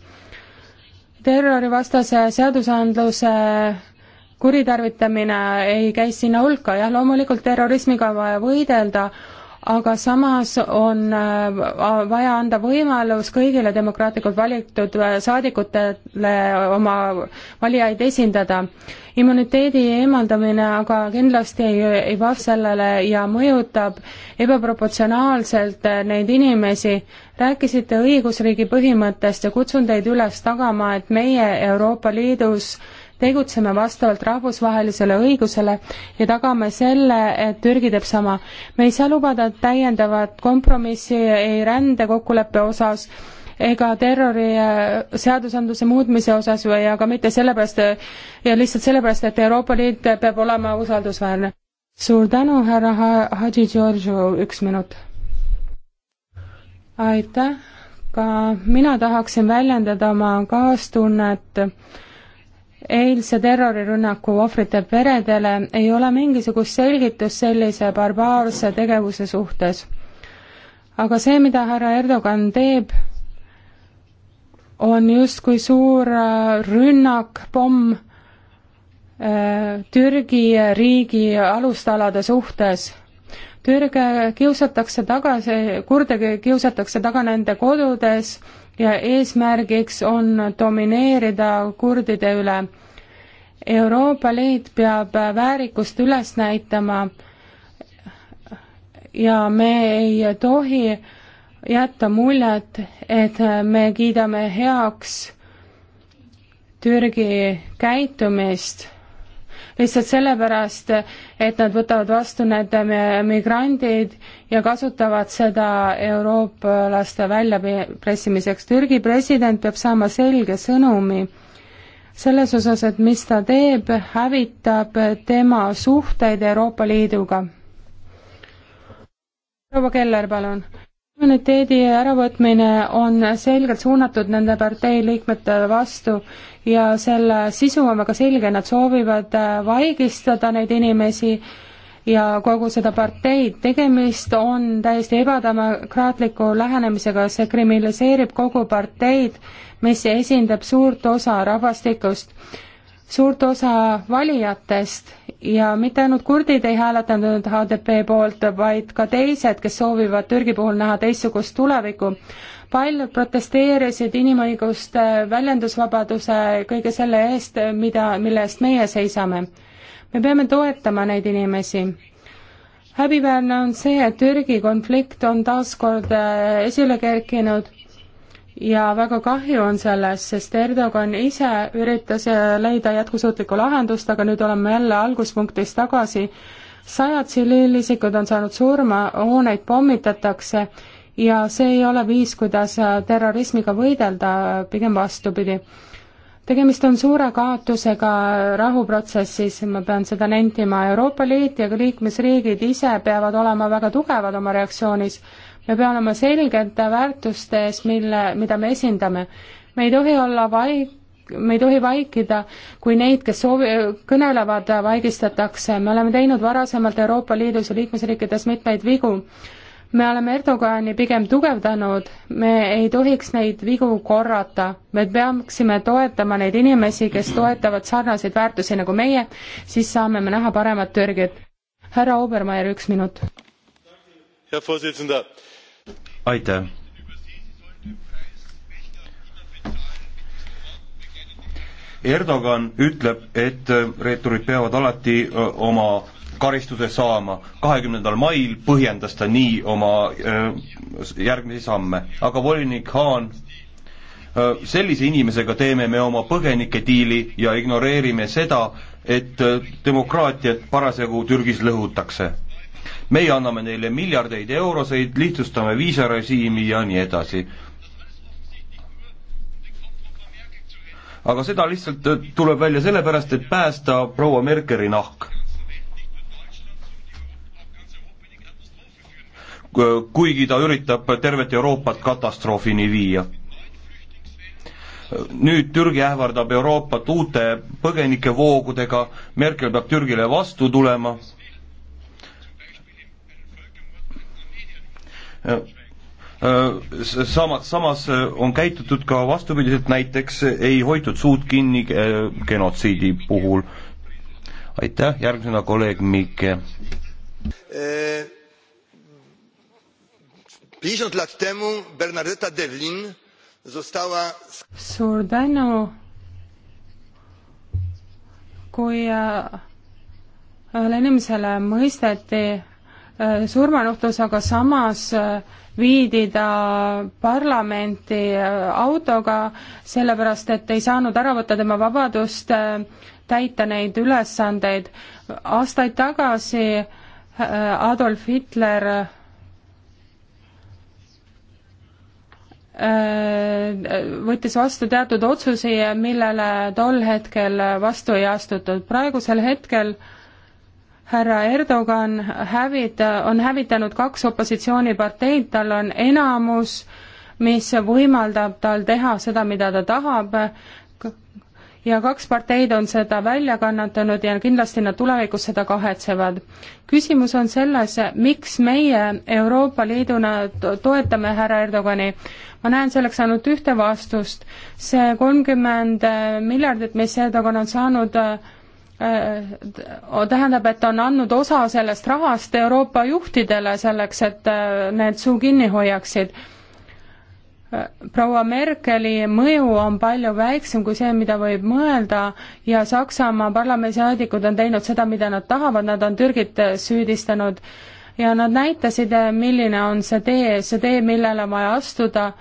terrorivastase seadusandluse kuritarvitamine ei käi sinna hulka, jah, loomulikult terrorismiga on vaja võidelda, aga samas on äh, vaja anda võimalus kõigile demokraatlikult valitud äh, saadikutele oma valijaid esindada. immuniteedi eemaldamine aga kindlasti ei, ei vasta sellele ja mõjutab ebaproportsionaalselt äh, neid inimesi. rääkisite õigusriigi põhimõttest ja kutsun teid üles tagama, et meie Euroopa Liidus tegutseme vastavalt rahvusvahelisele õigusele ja tagame selle, et Türgi teeb sama. me ei saa lubada täiendavat kompromissi ei rändekokkuleppe osas, ega terrori äh, seadusandluse muutmise osas või aga mitte sellepärast ja lihtsalt sellepärast, et Euroopa Liit peab olema usaldusväärne. suur tänu, härra Hadži Georgiou, üks minut. aitäh, ka mina tahaksin väljendada oma kaastunnet eilse terrorirünnaku ohvrite peredele ei ole mingisugust selgitust sellise barbaarse tegevuse suhtes. aga see, mida härra Erdogan teeb, on justkui suur äh, rünnak, pomm äh, Türgi riigi alustalade suhtes Türge kiusatakse tagasi, kurde kiusatakse taga nende kodudes ja eesmärgiks on domineerida kurdide üle. Euroopa Liit peab väärikust üles näitama ja me ei tohi jätta muljet, et me kiidame heaks Türgi käitumist lihtsalt sellepärast, et nad võtavad vastu need migrandid ja kasutavad seda eurooplaste väljapressimiseks. Türgi president peab saama selge sõnumi selles osas, et mis ta teeb, hävitab tema suhteid Euroopa Liiduga. proua Keller, palun immuniteedi äravõtmine on selgelt suunatud nende partei liikmete vastu ja selle sisu on väga selge, nad soovivad äh, vaigistada neid inimesi ja kogu seda parteid, tegemist on täiesti ebademokraatliku lähenemisega, see kriminaliseerib kogu parteid, mis esindab suurt osa rahvastikust, suurt osa valijatest ja mitte ainult kurdid ei hääletanud HDP poolt, vaid ka teised, kes soovivad Türgi puhul näha teistsugust tulevikku. paljud protesteerisid inimõiguste, väljendusvabaduse, kõige selle eest, mida, mille eest meie seisame. me peame toetama neid inimesi. häbiväärne on see, et Türgi konflikt on taas kord äh, esile kerkinud ja väga kahju on sellest, sest Erdogan ise üritas leida jätkusuutlikku lahendust, aga nüüd oleme jälle alguspunktis tagasi. sajad tsiviilisikud on saanud surma, hooneid pommitatakse ja see ei ole viis, kuidas terrorismiga võidelda, pigem vastupidi. tegemist on suure kaotusega rahuprotsessis, ma pean seda nentima, Euroopa Liit ja ka liikmesriigid ise peavad olema väga tugevad oma reaktsioonis me peame olema selged väärtustes, mille, mida me esindame. me ei tohi olla vaik-, me ei tohi vaikida, kui neid, kes soovi-, kõnelevad, vaigistatakse. me oleme teinud varasemalt Euroopa Liidus ja liikmesriikides mitmeid vigu. me oleme Erdogani pigem tugevdanud, me ei tohiks neid vigu korrata. me peaksime toetama neid inimesi, kes toetavad sarnaseid väärtusi nagu meie, siis saame me näha paremat Türgit. härra Obermeier, üks minut. Herr Vorsitzender, aitäh. Erdogan ütleb, et reeturid peavad alati oma karistuse saama. kahekümnendal mail põhjendas ta nii oma järgmisi samme, aga volinik Haan sellise inimesega teeme me oma põgenike diili ja ignoreerime seda, et demokraatiat parasjagu Türgis lõhutakse meie anname neile miljardeid euroseid, lihtsustame viisarežiimi ja nii edasi. aga seda lihtsalt äh, tuleb välja sellepärast, et päästa proua Merkeli nahk. kuigi ta üritab tervet Euroopat katastroofini viia nüüd Türgi ähvardab Euroopat uute põgenikevoogudega, Merkel peab Türgile vastu tulema Äh, äh, sama, samas äh, on käitutud ka vastupidiselt, näiteks ei hoitud suud kinni genotsiidi puhul. aitäh, järgmisena kolleeg Mikke. suur tänu, kui ühele inimesele mõisteti surmanuhtlus, aga samas viidi ta parlamenti autoga, sellepärast et ei saanud ära võtta tema vabadust äh, täita neid ülesandeid. aastaid tagasi äh, Adolf Hitler äh, võttis vastu teatud otsusi, millele tol hetkel vastu ei astutud. praegusel hetkel äh, härra Erdogan hävita-, on hävitanud kaks opositsiooniparteid, tal on enamus, mis võimaldab tal teha seda, mida ta tahab, ja kaks parteid on seda välja kannatanud ja kindlasti nad tulevikus seda kahetsevad. küsimus on selles, miks meie Euroopa Liiduna toetame härra Erdogani. ma näen selleks ainult ühte vastust. see kolmkümmend miljardit, mis Erdogan on saanud äh, Äh, äh, tähendab, et on andnud osa sellest rahast Euroopa juhtidele selleks, et äh, need suu kinni hoiaksid. proua Merkeli mõju on palju väiksem kui see, mida võib mõelda ja Saksamaa parlamendisaadikud on teinud seda, mida nad tahavad, nad on Türgit süüdistanud ja nad näitasid, milline on see tee, see tee, millele on vaja astuda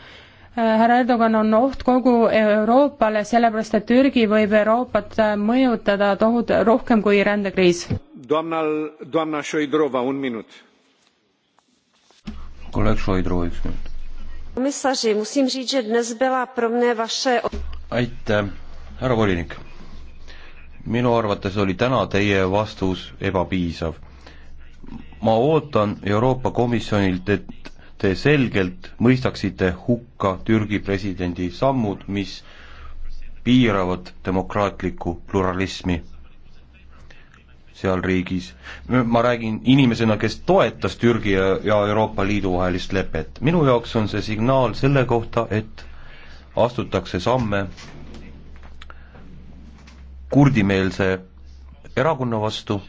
härra Erdogan on oht kogu Euroopale, sellepärast et Türgi võib Euroopat mõjutada tohut-, rohkem kui rändekriis. kolleeg Šoidrova, üks minut. aitäh, härra volinik. minu arvates oli täna teie vastus ebapiisav. ma ootan Euroopa Komisjonilt, et te selgelt mõistaksite hukka Türgi presidendi sammud, mis piiravad demokraatlikku pluralismi seal riigis. ma räägin inimesena, kes toetas Türgi ja, ja Euroopa Liidu vahelist lepet. minu jaoks on see signaal selle kohta, et astutakse samme kurdimeelse erakonna vastu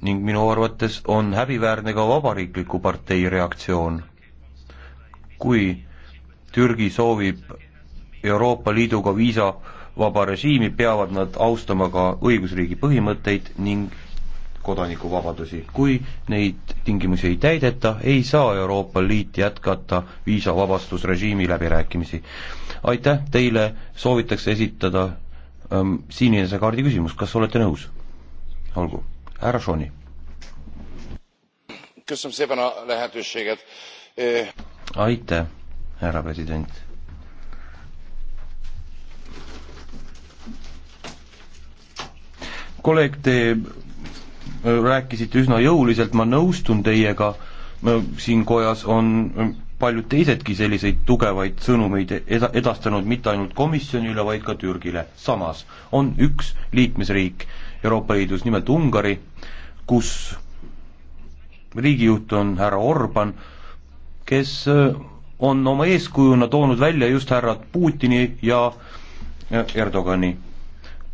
ning minu arvates on häbiväärne ka vabariikliku partei reaktsioon. kui Türgi soovib Euroopa Liiduga viisavaba režiimi, peavad nad austama ka õigusriigi põhimõtteid ning kodanikuvabadusi. kui neid tingimusi ei täideta, ei saa Euroopa Liit jätkata viisavabastusrežiimi läbirääkimisi. aitäh, teile soovitakse esitada ähm, sinise kaardi küsimus, kas olete nõus? olgu härra Šoni. aitäh, härra president. kolleeg, te äh, rääkisite üsna jõuliselt, ma nõustun teiega, äh, siin kojas on äh, paljud teisedki selliseid tugevaid sõnumeid eda-, edastanud mitte ainult komisjonile, vaid ka Türgile. samas on üks liikmesriik, Euroopa Liidus, nimelt Ungari, kus riigijuht on härra Orban, kes äh, on oma eeskujuna toonud välja just härrad Putini ja Erdogani.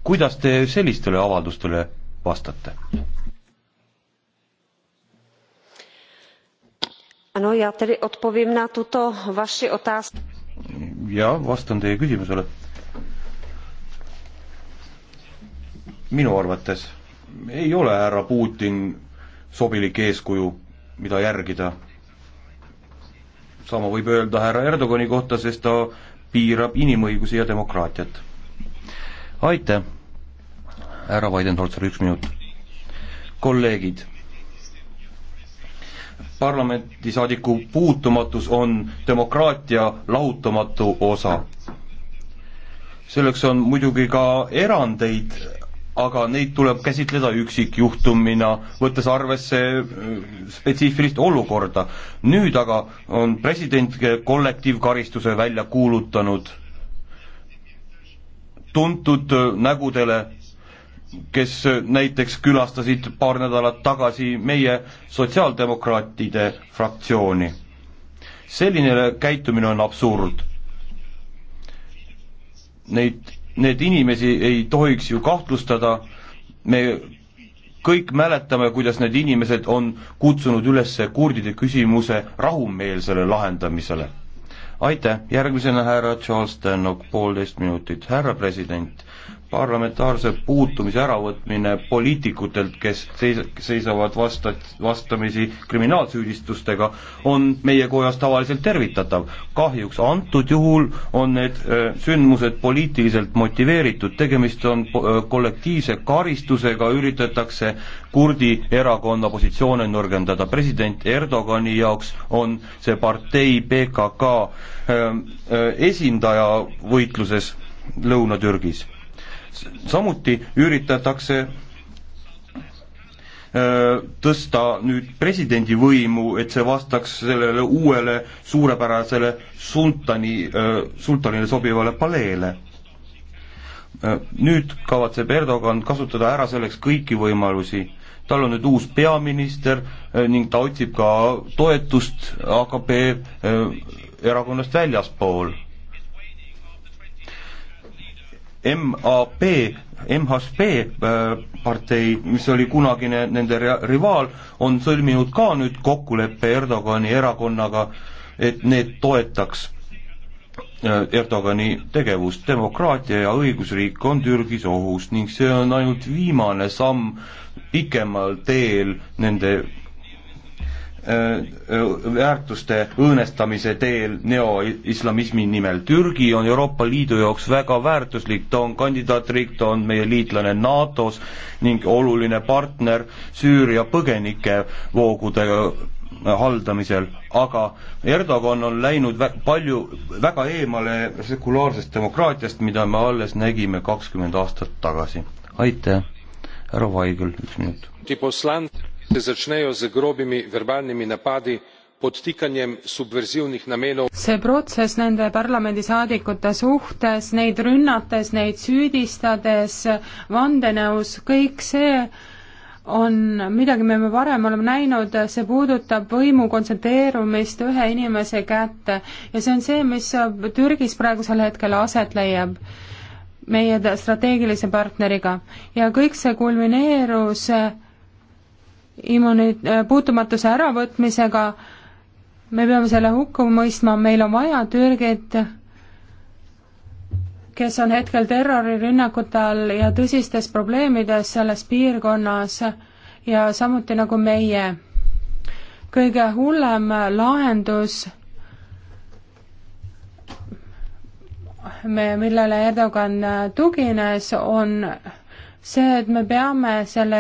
kuidas te sellistele avaldustele vastate? no ja tedy odpovím na tuto vaši otázku. jah, vastan teie küsimusele minu arvates ei ole härra Putin sobilik eeskuju, mida järgida. sama võib öelda härra Erdogani kohta, sest ta piirab inimõigusi ja demokraatiat. aitäh, härra Weidenholzer, üks minut. kolleegid, parlamendisaadiku puutumatus on demokraatia lahutamatu osa selleks on muidugi ka erandeid, aga neid tuleb käsitleda üksikjuhtumina, võttes arvesse äh, spetsiifilist olukorda. nüüd aga on president kollektiivkaristuse välja kuulutanud tuntud äh, nägudele, kes äh, näiteks külastasid paar nädalat tagasi meie sotsiaaldemokraatide fraktsiooni. selline käitumine on absurd. Neid Need inimesi ei tohiks ju kahtlustada, me kõik mäletame, kuidas need inimesed on kutsunud üles kurdide küsimuse rahumeelsele lahendamisele. aitäh, järgmisena härra Charles Stenok, poolteist minutit, härra president parlamentaarse puutumise äravõtmine poliitikutelt, kes seis-, seisavad vasta-, vastamisi kriminaalsüüdistustega, on meie kojas tavaliselt tervitatav. kahjuks antud juhul on need sündmused poliitiliselt motiveeritud, tegemist on kollektiivse karistusega, üritatakse kurdi erakonna positsioone nõrgendada. president Erdogani jaoks on see partei PKK esindaja võitluses Lõuna-Türgis samuti üritatakse äh, tõsta nüüd presidendi võimu, et see vastaks sellele uuele suurepärasele sultani, äh, sultanile sobivale paleele. Äh, nüüd kavatseb Erdogan kasutada ära selleks kõiki võimalusi. tal on nüüd uus peaminister ning ta otsib ka toetust AKP erakonnast väljaspool MAP, MHP äh, partei, mis oli kunagine nende rivaal, on sõlminud ka nüüd kokkuleppe Erdogani erakonnaga, et need toetaks äh, Erdogani tegevust. demokraatia ja õigusriik on Türgis ohus ning see on ainult viimane samm pikemal teel nende Äh, äh, väärtuste õõnestamise teel neoislamismi nimel. Türgi on Euroopa Liidu jaoks väga väärtuslik, ta on kandidaatriik, ta on meie liitlane NATO-s ning oluline partner Süüria põgenike voogude äh, haldamisel, aga Erdogan on läinud vä-, palju, väga eemale sekulaarsest demokraatiast, mida me alles nägime kakskümmend aastat tagasi. aitäh, härra Vaigel, üks minut se začnejo z grobimi verbalnimi napadi podtikanjem subverzivnih namenov. see protsess nende parlamendisaadikute suhtes, neid rünnates, neid süüdistades, vandenõus, kõik see on midagi, me varem oleme näinud, see puudutab võimu kontsentreerumist ühe inimese kätte ja see on see, mis Türgis praegusel hetkel aset leiab meie strateegilise partneriga ja kõik see kulmineerus äh, immuuni-, äh, puutumatuse äravõtmisega, me peame selle hukka mõistma, meil on vaja Türgit, kes on hetkel terrorirünnakute all ja tõsistes probleemides selles piirkonnas ja samuti nagu meie. kõige hullem lahendus, me, millele Erdogan tugines, on see, et me peame selle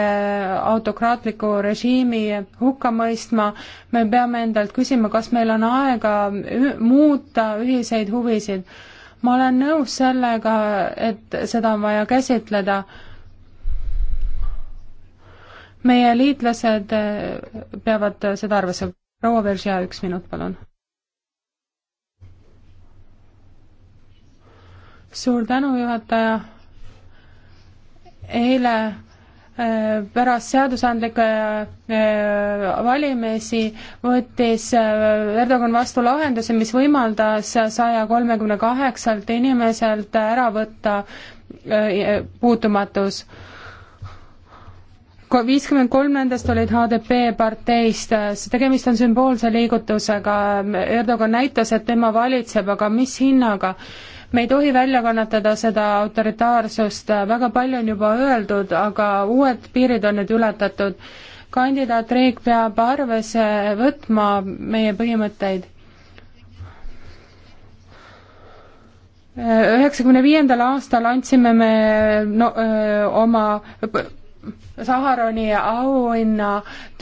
autokraatliku režiimi hukka mõistma, me peame endalt küsima, kas meil on aega muuta ühiseid huvisid. ma olen nõus sellega, et seda on vaja käsitleda. meie liitlased äh, peavad seda arvesse. proua Veržia, üks minut, palun. suur tänu, juhataja eile äh, pärast seadusandlikke äh, valimisi võttis äh, Erdogan vastu lahenduse, mis võimaldas saja kolmekümne kaheksalt inimeselt ära võtta puutumatus. viiskümmend kolm nendest olid HDP parteist, tegemist on sümboolse liigutusega, Erdogan näitas, et tema valitseb, aga mis hinnaga me ei tohi välja kannatada seda autoritaarsust, väga palju on juba öeldud, aga uued piirid on nüüd ületatud. kandidaatriik peab arvesse võtma meie põhimõtteid üheksakümne viiendal aastal andsime me no, öö, oma Saharoni auhinna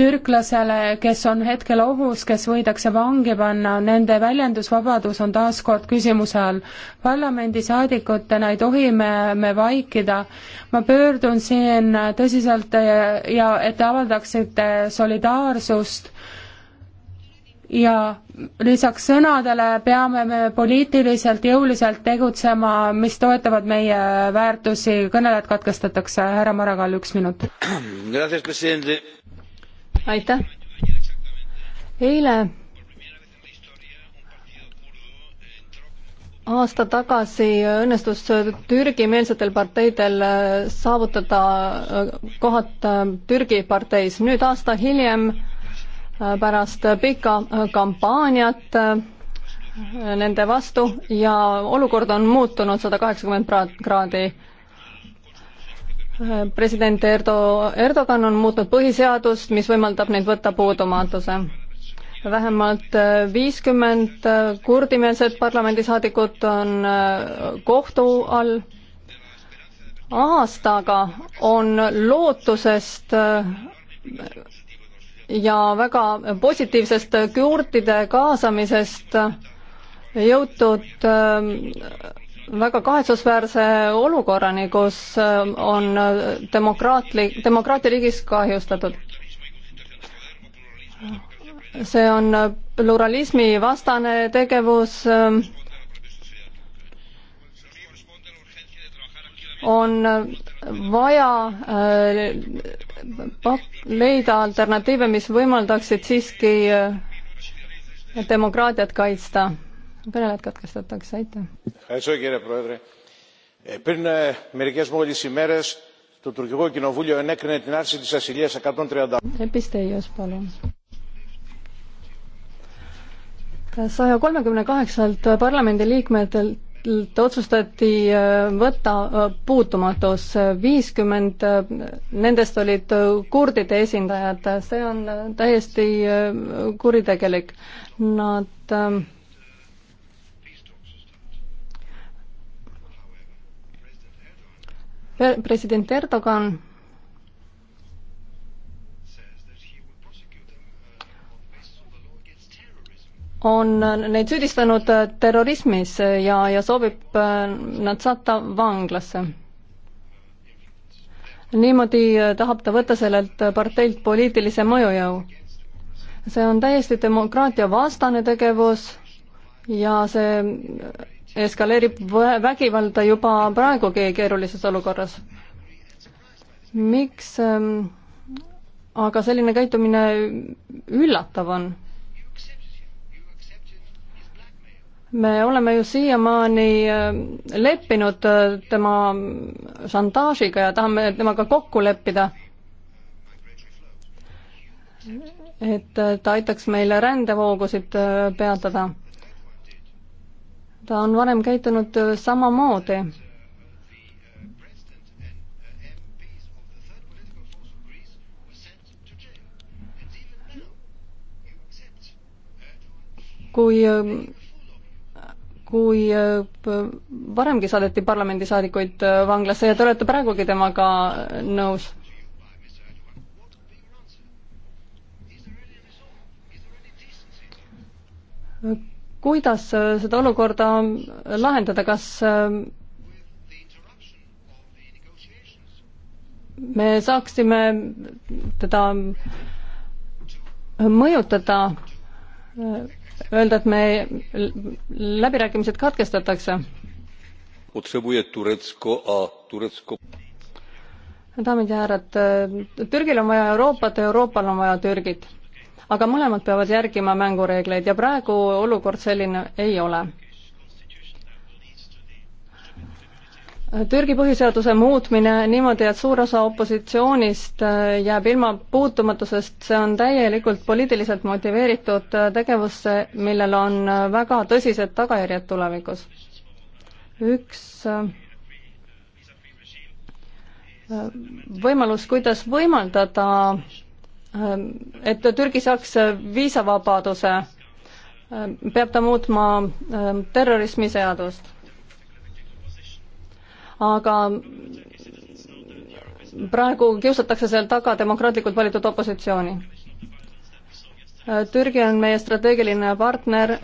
türklasele, kes on hetkel ohus, kes võidakse vangi panna, nende väljendusvabadus on taas kord küsimuse all. parlamendisaadikutena ei tohi me, me vaikida. ma pöördun siin tõsiselt ja, ja et te avaldaksite solidaarsust ja lisaks sõnadele peame me poliitiliselt jõuliselt tegutsema, mis toetavad meie väärtusi, kõnelejad katkestatakse, härra Maragall, üks minut. aitäh. eile aasta tagasi õnnestus Türgi-meelsetel parteidel saavutada kohad Türgi parteis, nüüd aasta hiljem pärast pika kampaaniat äh, nende vastu ja olukord on muutunud sada kaheksakümmend kraadi. Äh, president Erdo, Erdogan on muutnud põhiseadust, mis võimaldab neid võtta puudumatuse. vähemalt äh, viiskümmend kurdimeelset parlamendisaadikut on kohtu all aastaga on lootusest ja väga positiivsest kjuurtide kaasamisest jõutud ähm, väga kahetsusväärse olukorrani, kus ähm, on äh, demokraatlik, demokraatia riigis kahjustatud see on äh, pluralismi vastane tegevus, ähm, on äh, vaja leida alternatiive, mis võimaldaksid siiski äh, demokraatiat kaitsta. kõnelejad katkestatakse, aitäh. Episteios, palun saja kolmekümne kaheksalt parlamendiliikmetelt otsustati äh, võtta äh, puutumatus, viiskümmend äh, nendest olid kurdide esindajad, see on täiesti kuritegelik. Nad ähm, president Erdogan on neid süüdistanud terrorismis ja, ja soovib äh, nad saata vanglasse. niimoodi äh, tahab ta võtta sellelt parteilt poliitilise mõjujõu. see on täiesti demokraatia vastane tegevus ja see eskaleerib vägivalda juba praegugi keerulises olukorras. miks ähm, aga selline käitumine üllatav on? me oleme ju siiamaani äh, leppinud äh, tema šantaažiga ja tahame temaga kokku leppida. et äh, ta aitaks meile rändevoogusid peatada. ta on varem käitunud samamoodi. kui kui äh, varemgi saadeti parlamendisaadikuid äh, vanglasse ja te olete praegugi temaga äh, nõus? kuidas seda olukorda lahendada, kas me saaksime teda mõjutada öelda, et me läbirääkimised katkestatakse. daamid ja härrad, Türgil on vaja Euroopat ja Euroopal on vaja Türgit. aga mõlemad peavad järgima mängureegleid ja praegu olukord selline ei ole Türgi põhiseaduse muutmine niimoodi, et suur osa opositsioonist äh, jääb ilma puutumatusest, see on täielikult poliitiliselt motiveeritud äh, tegevus, millel on äh, väga tõsised tagajärjed tulevikus. üks võimalus, kuidas võimaldada, et Türgi saaks viisavabaduse, peab ta muutma terrorismiseadust aga praegu kiusatakse seal taga demokraatlikult valitud opositsiooni. Türgi on meie strateegiline partner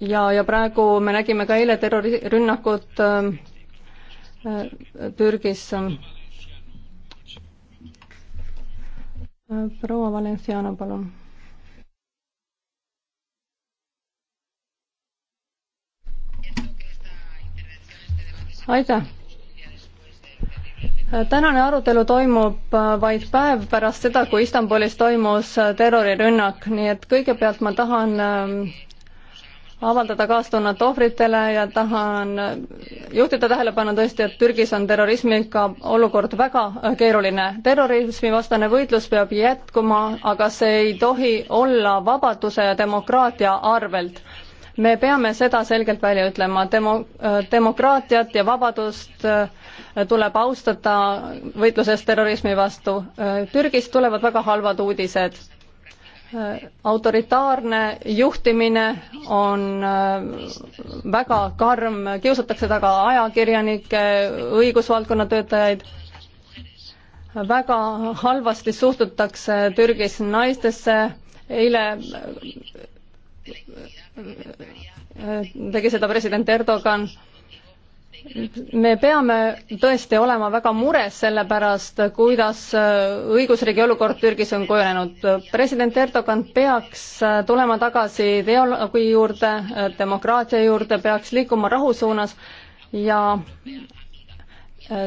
ja, ja praegu me nägime ka eile terrorirünnakut äh, Türgis. proua Valenciano, palun aitäh! tänane arutelu toimub äh, vaid päev pärast seda, kui Istanbulis toimus äh, terrorirünnak, nii et kõigepealt ma tahan ähm, avaldada kaastunnet ohvritele ja tahan äh, juhtida tähelepanu tõesti, et Türgis on terrorismiga olukord väga keeruline. terrorismivastane võitlus peab jätkuma, aga see ei tohi olla vabaduse ja demokraatia arvelt me peame seda selgelt välja ütlema, demo-, äh, demokraatiat ja vabadust äh, tuleb austada võitluses terrorismi vastu. Äh, Türgist tulevad väga halvad uudised. autoritaarne juhtimine on väga karm, kiusatakse taga ajakirjanikke, õigusvaldkonna töötajaid väga halvasti suhtutakse Türgis naistesse, eile tegi seda president Erdogan. me peame tõesti olema väga mures selle pärast, kuidas õigusriigi olukord Türgis on kujunenud. president Erdogan peaks tulema tagasi dialoogi juurde, demokraatia juurde, peaks liikuma rahu suunas ja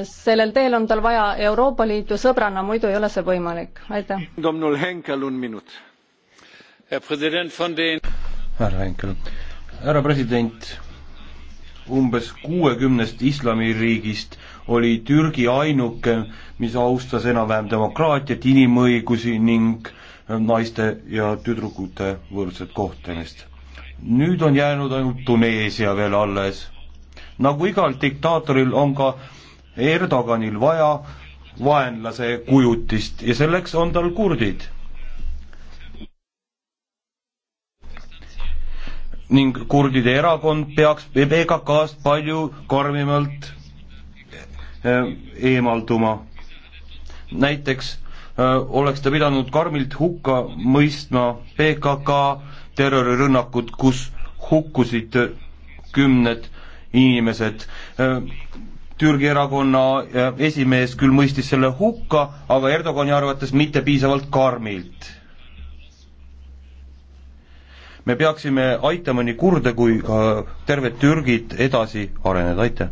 sellel teel on tal vaja Euroopa Liitu sõbranna, muidu ei ole see võimalik. aitäh. herr präsident von den härra Henkel. härra president, umbes kuuekümnest islamiriigist oli Türgi ainuke, mis austas enam-vähem demokraatiat, inimõigusi ning äh, naiste ja tüdrukute võrdset kohtlemist. nüüd on jäänud ainult Tuneesia veel alles. nagu igal diktaatoril, on ka Erdoganil vaja vaenlase kujutist ja selleks on tal kurdid ning kurdide erakond peaks e PKK-st palju karmimalt äh, eemalduma. näiteks äh, oleks ta pidanud karmilt hukka mõistma PKK terrorirünnakut, kus hukkusid kümned inimesed. Äh, Türgi erakonna esimees küll mõistis selle hukka, aga Erdogani arvates mitte piisavalt karmilt me peaksime aitama nii kurde kui ka tervet Türgit edasi areneda, aitäh.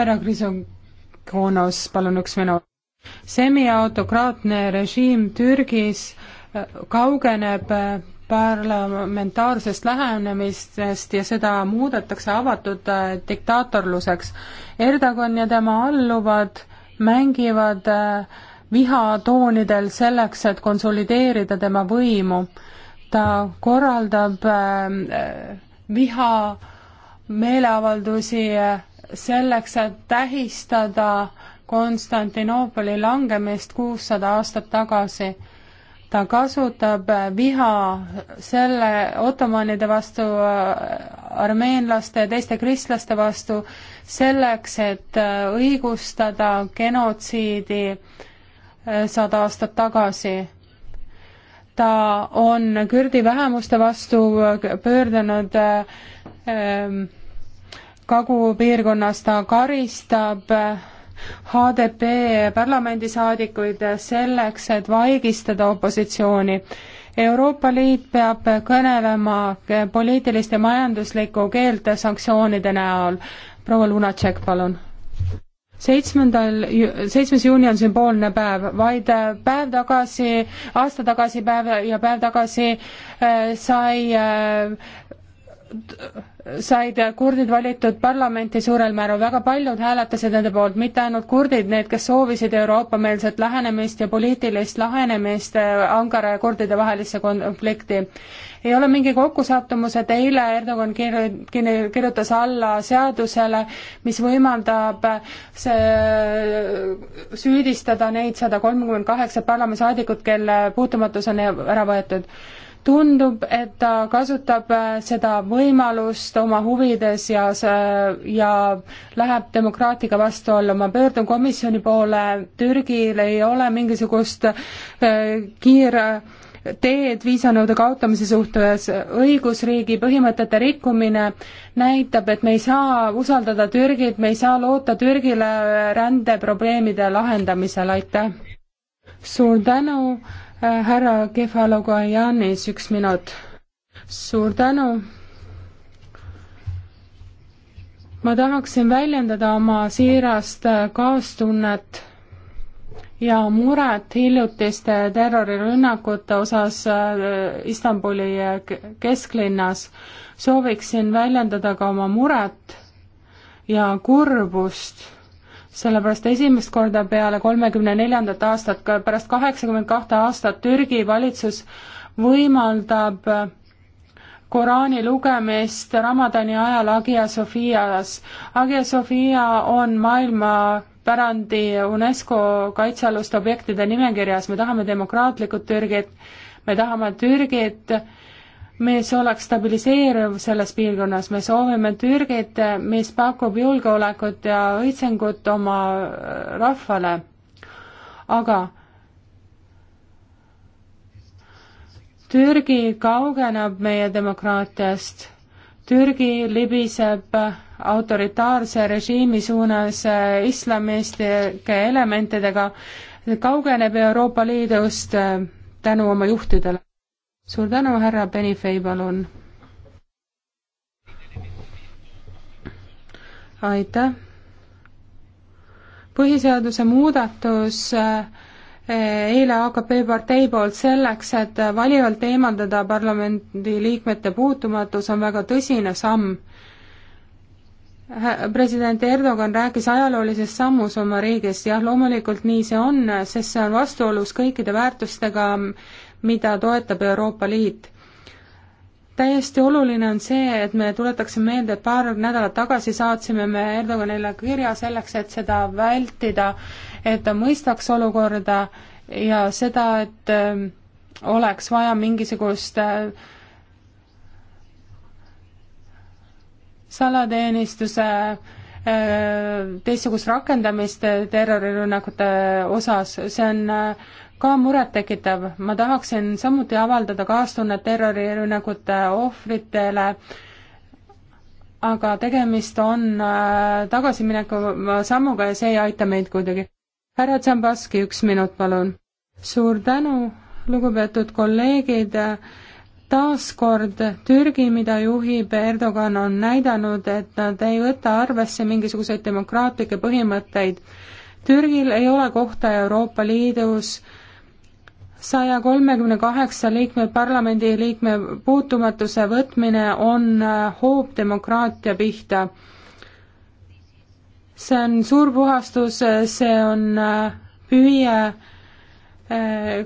härra Krisokonos, palun üks minu. semiautokraatne režiim Türgis äh, kaugeneb äh, parlamentaarsest lähenemistest ja seda muudetakse avatud äh, diktaatorluseks. Erdogan ja tema alluvad mängivad vihatoonidel selleks, et konsolideerida tema võimu ta korraldab äh, viha meeleavaldusi äh, selleks, et tähistada Konstantinoopoli langemist kuussada aastat tagasi. ta kasutab äh, viha selle ottomanide vastu, armeenlaste ja teiste kristlaste vastu selleks, et õigustada genotsiidi sada aastat tagasi ta on Kürdi vähemuste vastu pöördunud ähm, kagupiirkonnas, ta karistab HDP äh, parlamendisaadikuid selleks, et vaigistada opositsiooni. Euroopa Liit peab kõnelema äh, poliitilist ja majanduslikku keelt sanktsioonide näol. proua Lunatšek, palun seitsmendal, seitsmes juuni on sümboolne päev, vaid äh, päev tagasi, aasta tagasi päev ja päev tagasi äh, sai äh, said kurdid valitud parlamenti suurel määral, väga paljud hääletasid nende poolt, mitte ainult kurdid, need, kes soovisid Euroopa-meelset lähenemist ja poliitilist lahenemist äh, Ankara ja kurdide vahelisse konflikti. ei ole mingi kokkusattumus, et eile Erdogan kirju-, kirjutas alla seadusele, mis võimaldab äh, see, äh, süüdistada neid sada kolmkümmend kaheksa parlamendisaadikut, kelle puutumatus on ära võetud tundub, et ta kasutab äh, seda võimalust oma huvides ja see, ja läheb demokraatiga vastuollu. ma pöördun komisjoni poole, Türgil ei ole mingisugust äh, kiir teed viisanõude kaotamise suhtes, õigusriigi põhimõtete rikkumine näitab, et me ei saa usaldada Türgit, me ei saa loota Türgile rändeprobleemide lahendamisel, aitäh! suur tänu! Äh, härra Kefalogajanis, üks minut. suur tänu. ma tahaksin väljendada oma siirast äh, kaastunnet ja muret hiljutiste terrorirünnakute osas äh, Istanbuli kesklinnas. sooviksin väljendada ka oma muret ja kurbust sellepärast esimest korda peale kolmekümne neljandat aastat, ka pärast kaheksakümmend kahte aastat Türgi valitsus võimaldab Koraani lugemist Ramadani ajal Agia Sofias. Agia Sofia on maailmapärandi UNESCO kaitsealuste objektide nimekirjas, me tahame demokraatlikku Türgit, me tahame Türgit, me, see oleks stabiliseeriv selles piirkonnas, me soovime Türgit, mis pakub julgeolekut ja õitsengut oma äh, rahvale. aga Türgi kaugeneb meie demokraatiast, Türgi libiseb autoritaarse režiimi suunas äh, islamistlike elementidega, kaugeneb Euroopa Liidust äh, tänu oma juhtidele suur tänu, härra Benifei, palun. aitäh. põhiseaduse muudatus eh, eile AKP partei poolt selleks, et valivalt eemaldada parlamendiliikmete puutumatus, on väga tõsine samm. president Erdogan rääkis ajaloolisest sammust oma riigis, jah, loomulikult nii see on, sest see on vastuolus kõikide väärtustega, mida toetab Euroopa Liit. täiesti oluline on see, et me tuletaksime meelde, et paar nädalat tagasi saatsime me Erdoganile kirja selleks, et seda vältida, et ta mõistaks olukorda ja seda, et ähm, oleks vaja mingisugust äh, salateenistuse äh, teistsugust rakendamist terrorirünnakute osas, see on äh, ka murettekitav. ma tahaksin samuti avaldada kaastunnet terrorirünnakute ohvritele, aga tegemist on äh, tagasimineku sammuga ja see ei aita meid kuidagi. härra Tšambaski, üks minut, palun. suur tänu, lugupeetud kolleegid. taaskord Türgi, mida juhib Erdogan, on näidanud, et nad ei võta arvesse mingisuguseid demokraatlikke põhimõtteid. Türgil ei ole kohta Euroopa Liidus äh, saja kolmekümne kaheksa liikme, parlamendiliikme puutumatuse võtmine on äh, hoob demokraatia pihta. see on suur puhastus, äh, see on äh, püüe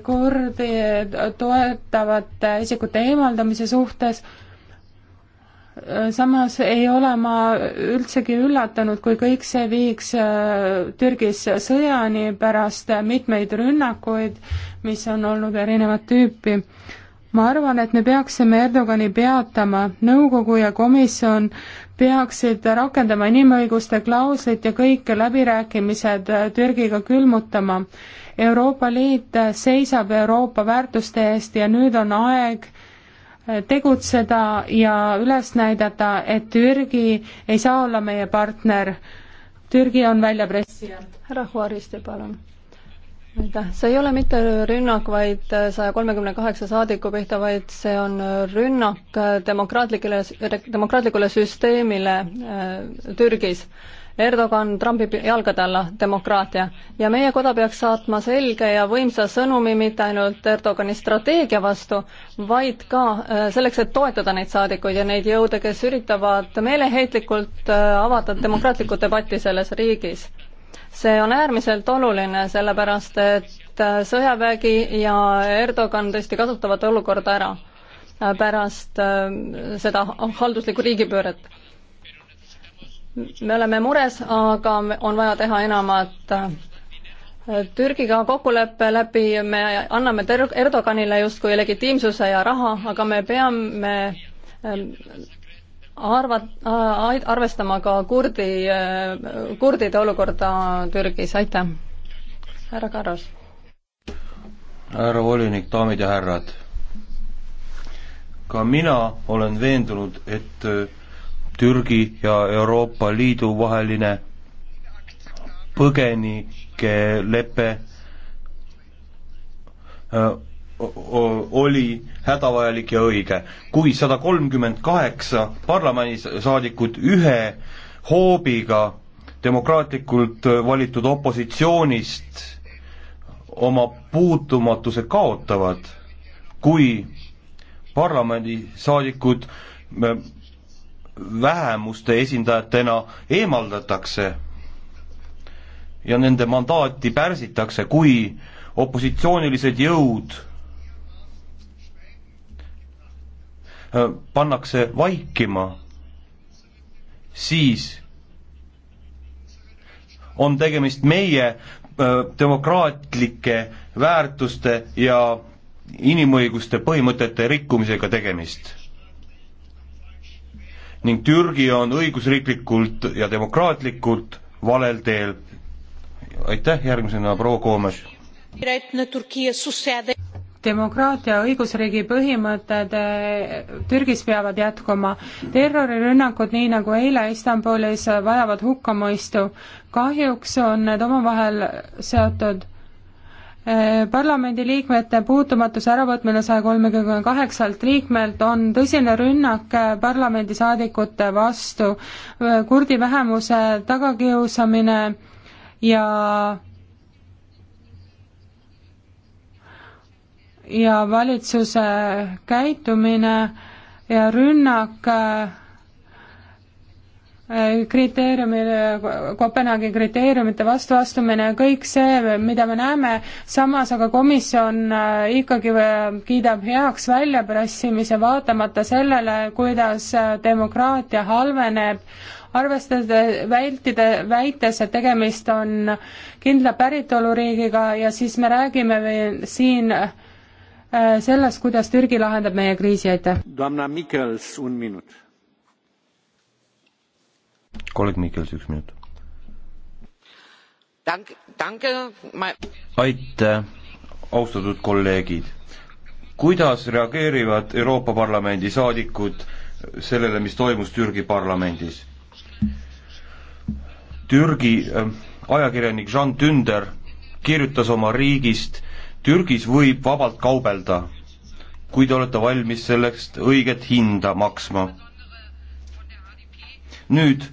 kordi toetavate isikute eemaldamise suhtes Äh, samas ei ole ma üldsegi üllatunud, kui kõik see viiks äh, Türgis sõjani pärast mitmeid rünnakuid, mis on olnud erinevat tüüpi. ma arvan, et me peaksime Erdogani peatama, nõukogu ja komisjon peaksid rakendama inimõiguste klauslit ja kõik läbirääkimised äh, Türgiga külmutama. Euroopa Liit seisab Euroopa väärtuste eest ja nüüd on aeg tegutseda ja üles näidata, et Türgi ei saa olla meie partner. Türgi on väljapressija. härra Huaristi, palun. aitäh, see ei ole mitte rünnak vaid saja kolmekümne kaheksa saadiku pihta, vaid see on rünnak demokraatlikele, demokraatlikule süsteemile äh, Türgis Erdogan trambib jalgade alla demokraatia ja meie koda peaks saatma selge ja võimsa sõnumi mitte ainult Erdogani strateegia vastu, vaid ka äh, selleks, et toetada neid saadikuid ja neid jõude, kes üritavad meeleheitlikult äh, avada demokraatlikku debatti selles riigis. see on äärmiselt oluline, sellepärast et äh, sõjavägi ja Erdogan tõesti kasutavad olukorda ära pärast seda halduslikku riigipööret me oleme mures, aga on vaja teha enamat. Türgiga kokkuleppe läbi me anname ter-, Erdoganile justkui legitiimsuse ja raha, aga me peame ähm, arva-, arvestama ka kurdi, äh, kurdide olukorda Türgis, aitäh. härra Karras. härra volinik, daamid ja härrad. ka mina olen veendunud, et äh, Türgi ja Euroopa Liidu vaheline põgenikelepe äh, oli hädavajalik ja õige. kui sada kolmkümmend kaheksa parlamendisaadikut ühe hoobiga demokraatlikult valitud opositsioonist oma puutumatuse kaotavad, kui parlamendisaadikud äh, vähemuste esindajatena eemaldatakse ja nende mandaati pärsitakse, kui opositsioonilised jõud äh, pannakse vaikima, siis on tegemist meie äh, demokraatlike väärtuste ja inimõiguste põhimõtete rikkumisega tegemist ning Türgi on õigusriiklikult ja demokraatlikult valel teel. aitäh, järgmisena proua Koomes. demokraatia õigusriigi põhimõtted eh, Türgis peavad jätkuma. terrorirünnakud, nii nagu eile Istanbulis, vajavad hukkamõistu. kahjuks on need omavahel seotud Äh, parlamendiliikmete puutumatuse äravõtmine saja kolmekümne kaheksalt liikmelt on tõsine rünnak äh, parlamendisaadikute vastu. Äh, kurdi vähemuse tagakiusamine ja ja valitsuse käitumine ja rünnak kriteeriumile, Kopenhaagi kriteeriumite vastuastumine ja kõik see, mida me näeme, samas aga komisjon äh, ikkagi äh, kiidab heaks väljapressimise, vaatamata sellele, kuidas äh, demokraatia halveneb, arvestades, vältida, väites, et tegemist on kindla päritoluriigiga ja siis me räägime siin sellest, kuidas Türgi lahendab meie kriisi, aitäh kolleeg Mikkels, üks minut. aitäh, austatud kolleegid. kuidas reageerivad Euroopa Parlamendi saadikud sellele, mis toimus Türgi parlamendis? Türgi ähm, ajakirjanik Jean Tünder kirjutas oma riigist, Türgis võib vabalt kaubelda, kui te olete valmis selleks õiget hinda maksma. nüüd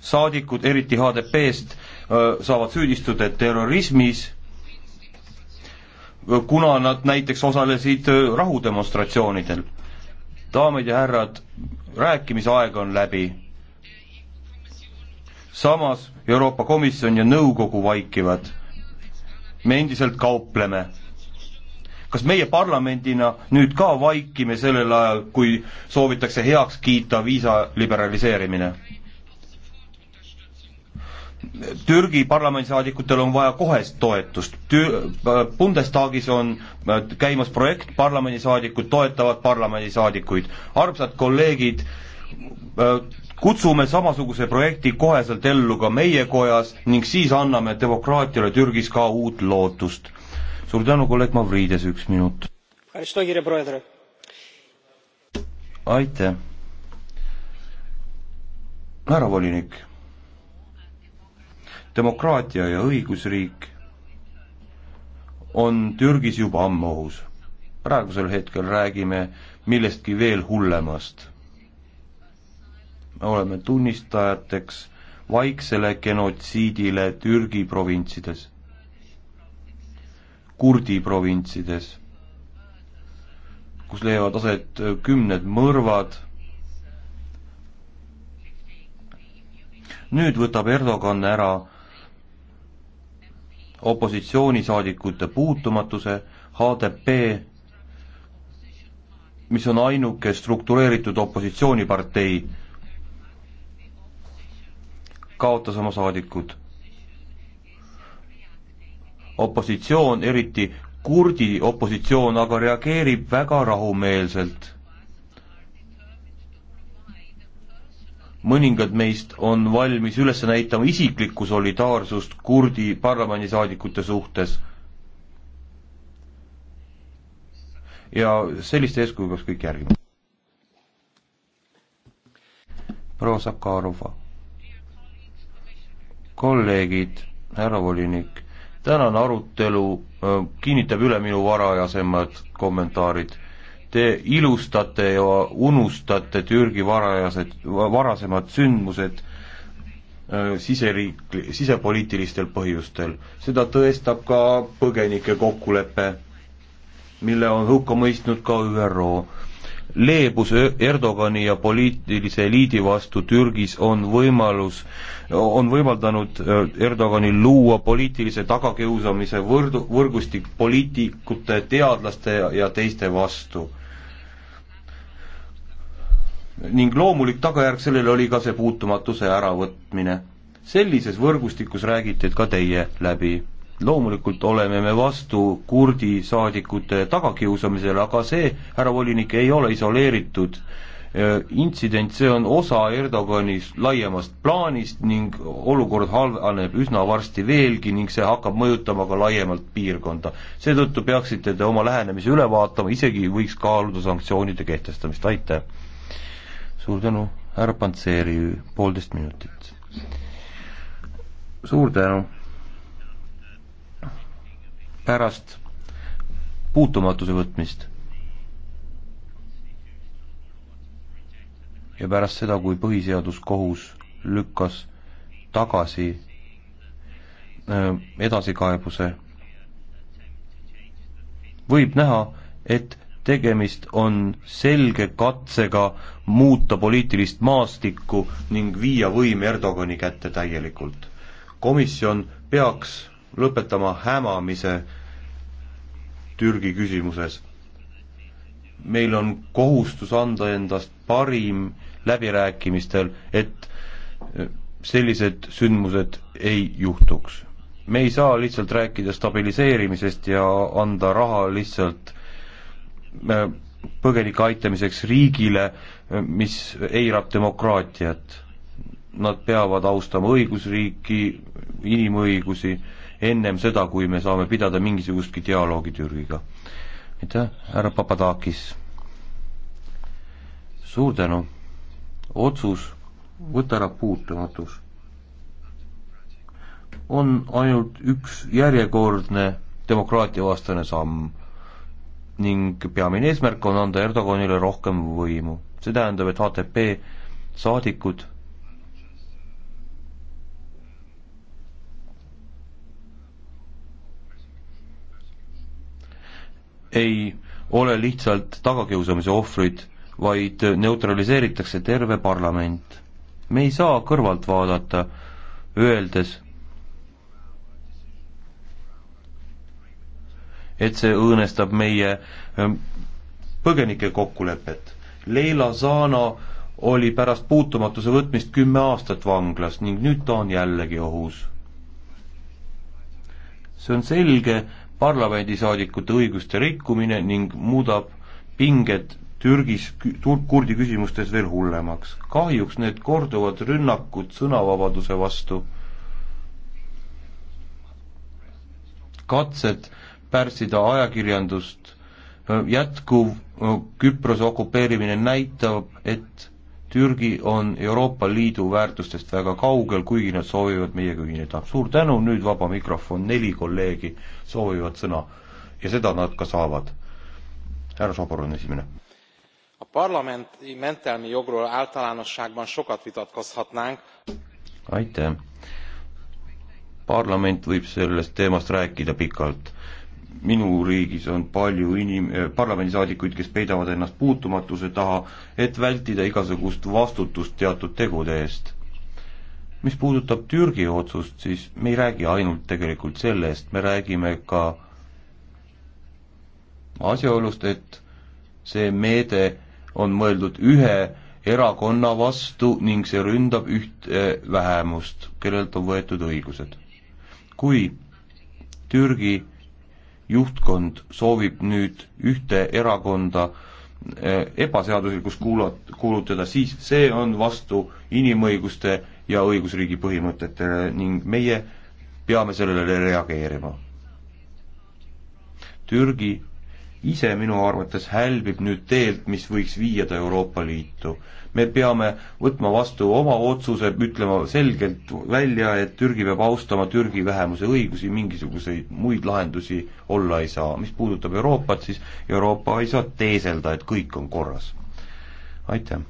saadikud, eriti HDP-st, saavad süüdistada terrorismis, kuna nad näiteks osalesid rahudemonstratsioonidel. daamid ja härrad, rääkimisaeg on läbi. samas Euroopa Komisjon ja nõukogu vaikivad. me endiselt kaupleme. kas meie parlamendina nüüd ka vaikime sellel ajal, kui soovitakse heaks kiita viisa liberaliseerimine? Türgi parlamendisaadikutel on vaja kohest toetust. Tü-, Bundestagis on äh, käimas projekt Parlamendisaadikud toetavad parlamendisaadikuid. armsad kolleegid, äh, kutsume samasuguse projekti koheselt ellu ka meie kojas ning siis anname demokraatiale Türgis ka uut lootust. suur tänu, kolleeg Mavrides, üks minut. aitäh. härra volinik demokraatia ja õigusriik on Türgis juba ammu ohus. praegusel hetkel räägime millestki veel hullemast. me oleme tunnistajateks vaiksele genotsiidile Türgi provintsides, kurdi provintsides, kus leiavad aset kümned mõrvad, nüüd võtab Erdogan ära opositsioonisaadikute puutumatuse, HDP, mis on ainuke struktureeritud opositsioonipartei, kaotas oma saadikud. opositsioon, eriti kurdi opositsioon, aga reageerib väga rahumeelselt mõningad meist on valmis üles näitama isiklikku solidaarsust kurdi parlamendisaadikute suhtes. ja sellist eeskuju peaks kõik järgima. proua Sakarova. kolleegid, härra volinik, tänane arutelu äh, kinnitab üle minu varajasemad kommentaarid te ilustate ja unustate Türgi varajased, varasemad sündmused äh, siseriik, sisepoliitilistel põhjustel. seda tõestab ka põgenike kokkulepe, mille on hukka mõistnud ka ÜRO. leebus Erdogani ja poliitilise eliidi vastu Türgis on võimalus, on võimaldanud äh, Erdoganil luua poliitilise tagakiusamise võrdu, võrgustik poliitikute, teadlaste ja, ja teiste vastu ning loomulik tagajärg sellele oli ka see puutumatuse äravõtmine. sellises võrgustikus räägite ka teie läbi. loomulikult oleme me vastu kurdi saadikute tagakiusamisele, aga see, härra volinik, ei ole isoleeritud intsident, see on osa Erdogani laiemast plaanist ning olukord halveneb üsna varsti veelgi ning see hakkab mõjutama ka laiemalt piirkonda. seetõttu peaksite te oma lähenemise üle vaatama, isegi võiks kaaluda sanktsioonide kehtestamist, aitäh! suur tänu, härra Pantseri, poolteist minutit. suur tänu. pärast puutumatuse võtmist ja pärast seda, kui põhiseaduskohus lükkas tagasi äh, edasikaebuse, võib näha, et tegemist on selge katsega muuta poliitilist maastikku ning viia võim Erdogani kätte täielikult. komisjon peaks lõpetama hämamise Türgi küsimuses. meil on kohustus anda endast parim läbirääkimistel, et äh, sellised sündmused ei juhtuks. me ei saa lihtsalt rääkida stabiliseerimisest ja anda raha lihtsalt Äh, põgenike aitamiseks riigile, äh, mis eirab demokraatiat. Nad peavad austama õigusriiki, inimõigusi, ennem seda, kui me saame pidada mingisugustki dialoogi Türgiga. aitäh, härra Papadakis! suur tänu! otsus võta ära puutumatus on ainult üks järjekordne demokraatiavastane samm ning peamine eesmärk on anda Erdoganile rohkem võimu. see tähendab, et HTP saadikud ei ole lihtsalt tagakiusamise ohvrid, vaid neutraliseeritakse terve parlament. me ei saa kõrvalt vaadata, öeldes et see õõnestab meie ähm, põgenike kokkulepet. Leila Zana oli pärast puutumatuse võtmist kümme aastat vanglas ning nüüd ta on jällegi ohus. see on selge parlamendisaadikute õiguste rikkumine ning muudab pinged Türgis kurdi küsimustes veel hullemaks. kahjuks need korduvad rünnakud sõnavabaduse vastu, katsed pärssida ajakirjandust. jätkuv Küprose okupeerimine näitab, et Türgi on Euroopa Liidu väärtustest väga kaugel, kuigi nad soovivad meiega ühineda. suur tänu, nüüd vaba mikrofon, neli kolleegi soovivad sõna ja seda nad ka saavad. härra Sobor on esimene. a parlamenti mentelmi jogról általánosságban sokat vitatkozhatnánk. aitäh. parlament võib sellest teemast rääkida pikalt minu riigis on palju inim-, eh, parlamendisaadikuid, kes peidavad ennast puutumatuse taha, et vältida igasugust vastutust teatud tegude eest. mis puudutab Türgi otsust, siis me ei räägi ainult tegelikult sellest, me räägime ka asjaolust, et see meede on mõeldud ühe erakonna vastu ning see ründab üht eh, vähemust, kellelt on võetud õigused. kui Türgi juhtkond soovib nüüd ühte erakonda eh, ebaseaduslikus kuulat-, kuulutada, siis see on vastu inimõiguste ja õigusriigi põhimõtetele ning meie peame sellele reageerima. Türgi ise minu arvates hälbib nüüd teelt, mis võiks viia ta Euroopa Liitu. me peame võtma vastu oma otsuse, ütlema selgelt välja, et Türgi peab austama Türgi vähemuse õigusi, mingisuguseid muid lahendusi olla ei saa. mis puudutab Euroopat, siis Euroopa ei saa teeselda, et kõik on korras. aitäh.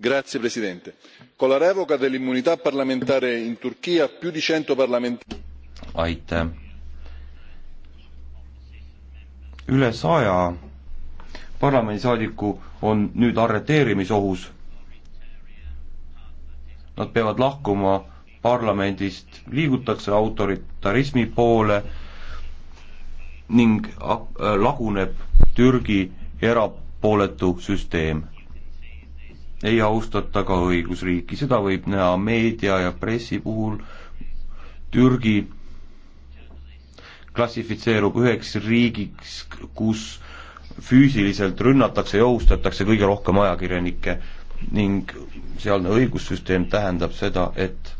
Grazie Presidente. Con la revoca dell'immunità parlamentare in Turchia più di cento parlamentari aitäh üle saja parlamendisaadiku on nüüd arreteerimisohus. Nad peavad lahkuma parlamendist, liigutakse autoritarismi poole ning äh, laguneb Türgi erapooletu süsteem. ei austata ka õigusriiki, seda võib näha meedia ja pressi puhul, Türgi klassifitseerub üheks riigiks, kus füüsiliselt rünnatakse ja ohustatakse kõige rohkem ajakirjanikke ning sealne õigussüsteem tähendab seda, et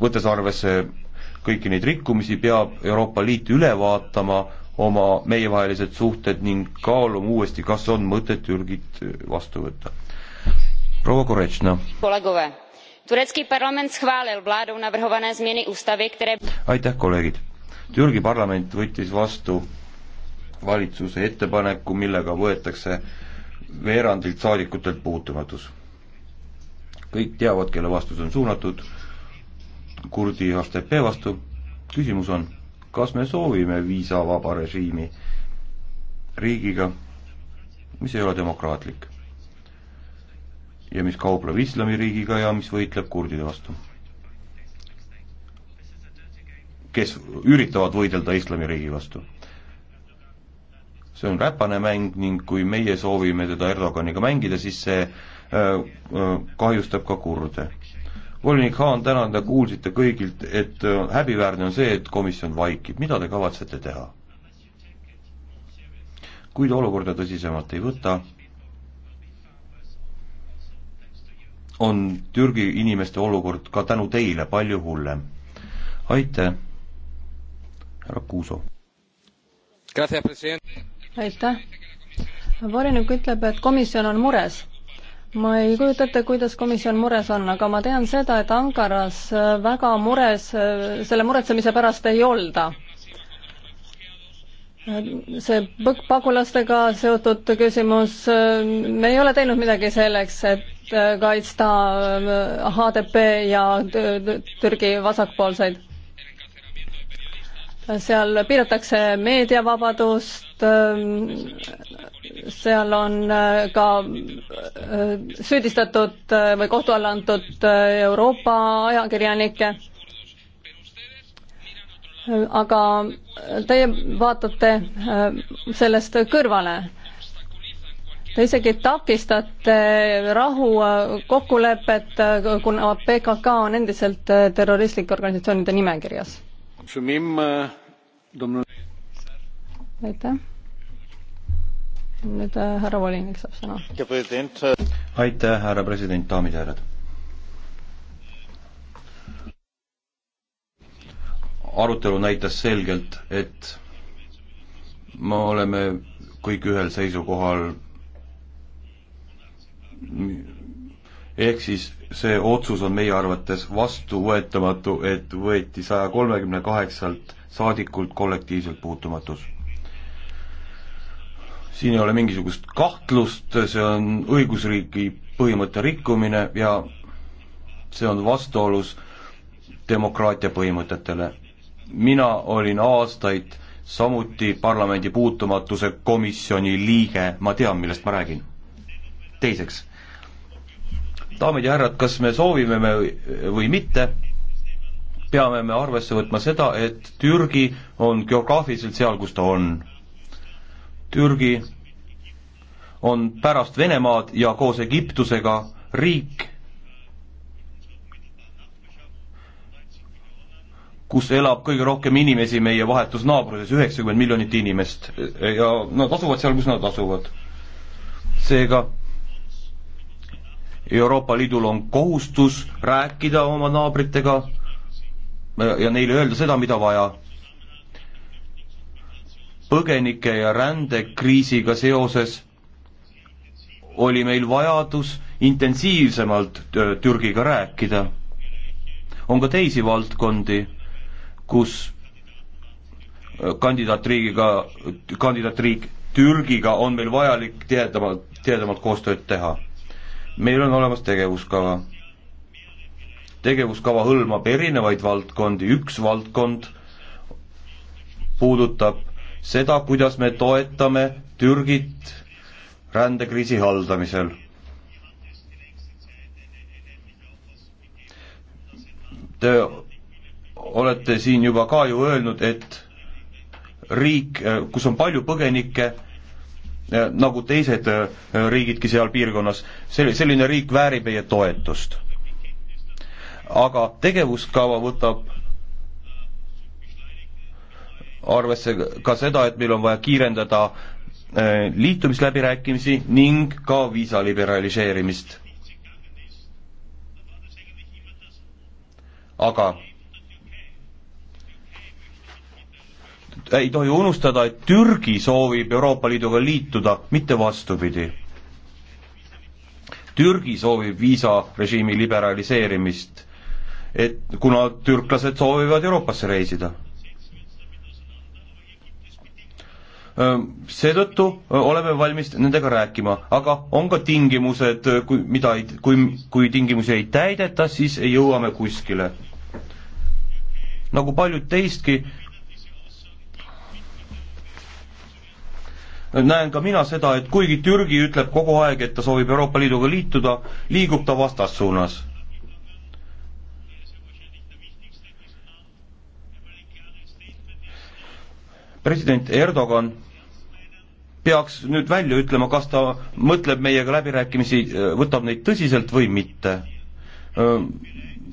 võttes arvesse kõiki neid rikkumisi, peab Euroopa Liit üle vaatama oma meievahelised suhted ning kaaluma uuesti, kas on mõtet Türgit vastu võtta. proua Koretšna. aitäh, kolleegid. Türgi parlament võttis vastu valitsuse ettepaneku, millega võetakse veerandilt saadikutelt puutumatus. kõik teavad, kelle vastus on suunatud kurdi HTP vastu, küsimus on, kas me soovime viisavaba režiimi riigiga, mis ei ole demokraatlik ja mis kaupleb islamiriigiga ja mis võitleb kurdide vastu kes üritavad võidelda islamiriigi vastu. see on räpane mäng ning kui meie soovime teda Erdoganiga mängida, siis see äh, äh, kahjustab ka kurde. volinik Haan, tänan, te kuulsite kõigilt, et äh, häbiväärne on see, et komisjon vaikib, mida te kavatsete teha? kui te olukorda tõsisemalt ei võta, on Türgi inimeste olukord ka tänu teile palju hullem. aitäh! härra Puuso. aitäh. volinik ütleb, et komisjon on mures ma ei kujuta ette, kuidas komisjon mures on, aga ma tean seda, et Ankaras väga mures, selle muretsemise pärast ei olda. see pagulastega seotud küsimus, me ei ole teinud midagi selleks, et kaitsta HDP ja Türgi vasakpoolseid seal piiratakse meediavabadust, ähm, seal on äh, ka äh, süüdistatud äh, või kohtu alla antud Euroopa ajakirjanikke, aga teie vaatate sellest kõrvale Te isegi takistate rahu kokkulepet, kuna PKK on endiselt terroristlike organisatsioonide nimekirjas Äh, aitäh. nüüd äh, härra volinik saab sõna. Äh, aitäh, härra president, daamid ja härrad. arutelu näitas selgelt, et me oleme kõik ühel seisukohal ehk siis see otsus on meie arvates vastuvõetamatu, et võeti saja kolmekümne kaheksalt saadikult kollektiivselt puutumatus. siin ei ole mingisugust kahtlust, see on õigusriigi põhimõtte rikkumine ja see on vastuolus demokraatia põhimõtetele. mina olin aastaid samuti parlamendi puutumatuse komisjoni liige, ma tean, millest ma räägin. teiseks daamid ja härrad, kas me soovime me või mitte, peame me arvesse võtma seda, et Türgi on geograafiliselt seal, kus ta on. Türgi on pärast Venemaad ja koos Egiptusega riik, kus elab kõige rohkem inimesi meie vahetus naabruses, üheksakümmend miljonit inimest ja nad asuvad seal, kus nad asuvad. seega Euroopa Liidul on kohustus rääkida oma naabritega ja neile öelda seda, mida vaja. põgenike ja rändekriisiga seoses oli meil vajadus intensiivsemalt Türgiga rääkida. on ka teisi valdkondi, kus äh, kandidaatriigiga, kandidaatriik Türgiga on meil vajalik tihedamalt, tihedamalt koostööd teha meil on olemas tegevuskava. tegevuskava hõlmab erinevaid valdkondi, üks valdkond puudutab seda, kuidas me toetame Türgit rändekriisi haldamisel. Te olete siin juba ka ju öelnud, et riik, kus on palju põgenikke, nagu teised äh, riigidki seal piirkonnas, sel-, selline riik väärib meie toetust. aga tegevuskava võtab arvesse ka seda, et meil on vaja kiirendada äh, liitumisläbirääkimisi ning ka viisa liberaliseerimist. aga ei tohi unustada, et Türgi soovib Euroopa Liiduga liituda, mitte vastupidi. Türgi soovib viisarežiimi liberaliseerimist, et kuna türklased soovivad Euroopasse reisida. seetõttu oleme valmis nendega rääkima, aga on ka tingimused, kui, mida ei, kui, kui tingimusi ei täideta, siis ei jõuame kuskile. nagu paljud teistki, näen ka mina seda, et kuigi Türgi ütleb kogu aeg, et ta soovib Euroopa Liiduga liituda, liigub ta vastassuunas. president Erdogan peaks nüüd välja ütlema, kas ta mõtleb meiega läbirääkimisi, võtab neid tõsiselt või mitte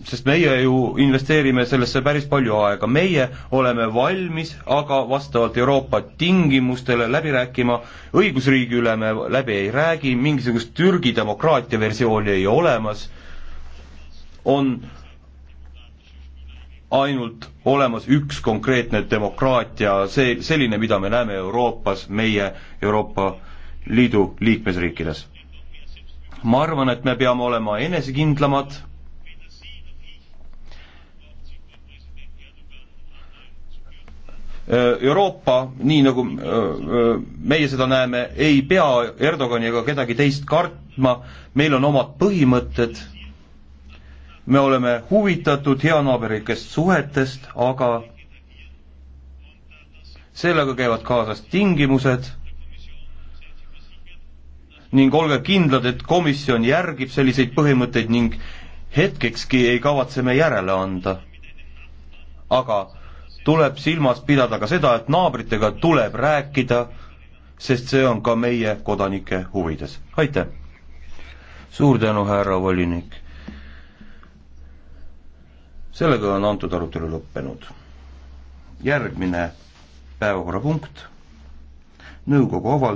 sest meie ju investeerime sellesse päris palju aega, meie oleme valmis aga vastavalt Euroopa tingimustele läbi rääkima, õigusriigi üle me läbi ei räägi, mingisugust Türgi demokraatia versiooni ei olemas, on ainult olemas üks konkreetne demokraatia, see, selline, mida me näeme Euroopas, meie Euroopa Liidu liikmesriikides. ma arvan, et me peame olema enesekindlamad Äh, Euroopa, nii nagu äh, äh, meie seda näeme, ei pea Erdogani ega kedagi teist kartma, meil on omad põhimõtted, me oleme huvitatud heanaaberlikest suhetest, aga sellega käivad kaasas tingimused ning olge kindlad, et komisjon järgib selliseid põhimõtteid ning hetkekski ei kavatse me järele anda. aga tuleb silmas pidada ka seda, et naabritega tuleb rääkida, sest see on ka meie kodanike huvides. aitäh! suur tänu, härra volinik! sellega on antud arutelu lõppenud. järgmine päevakorrapunkt, nõukogu avaldus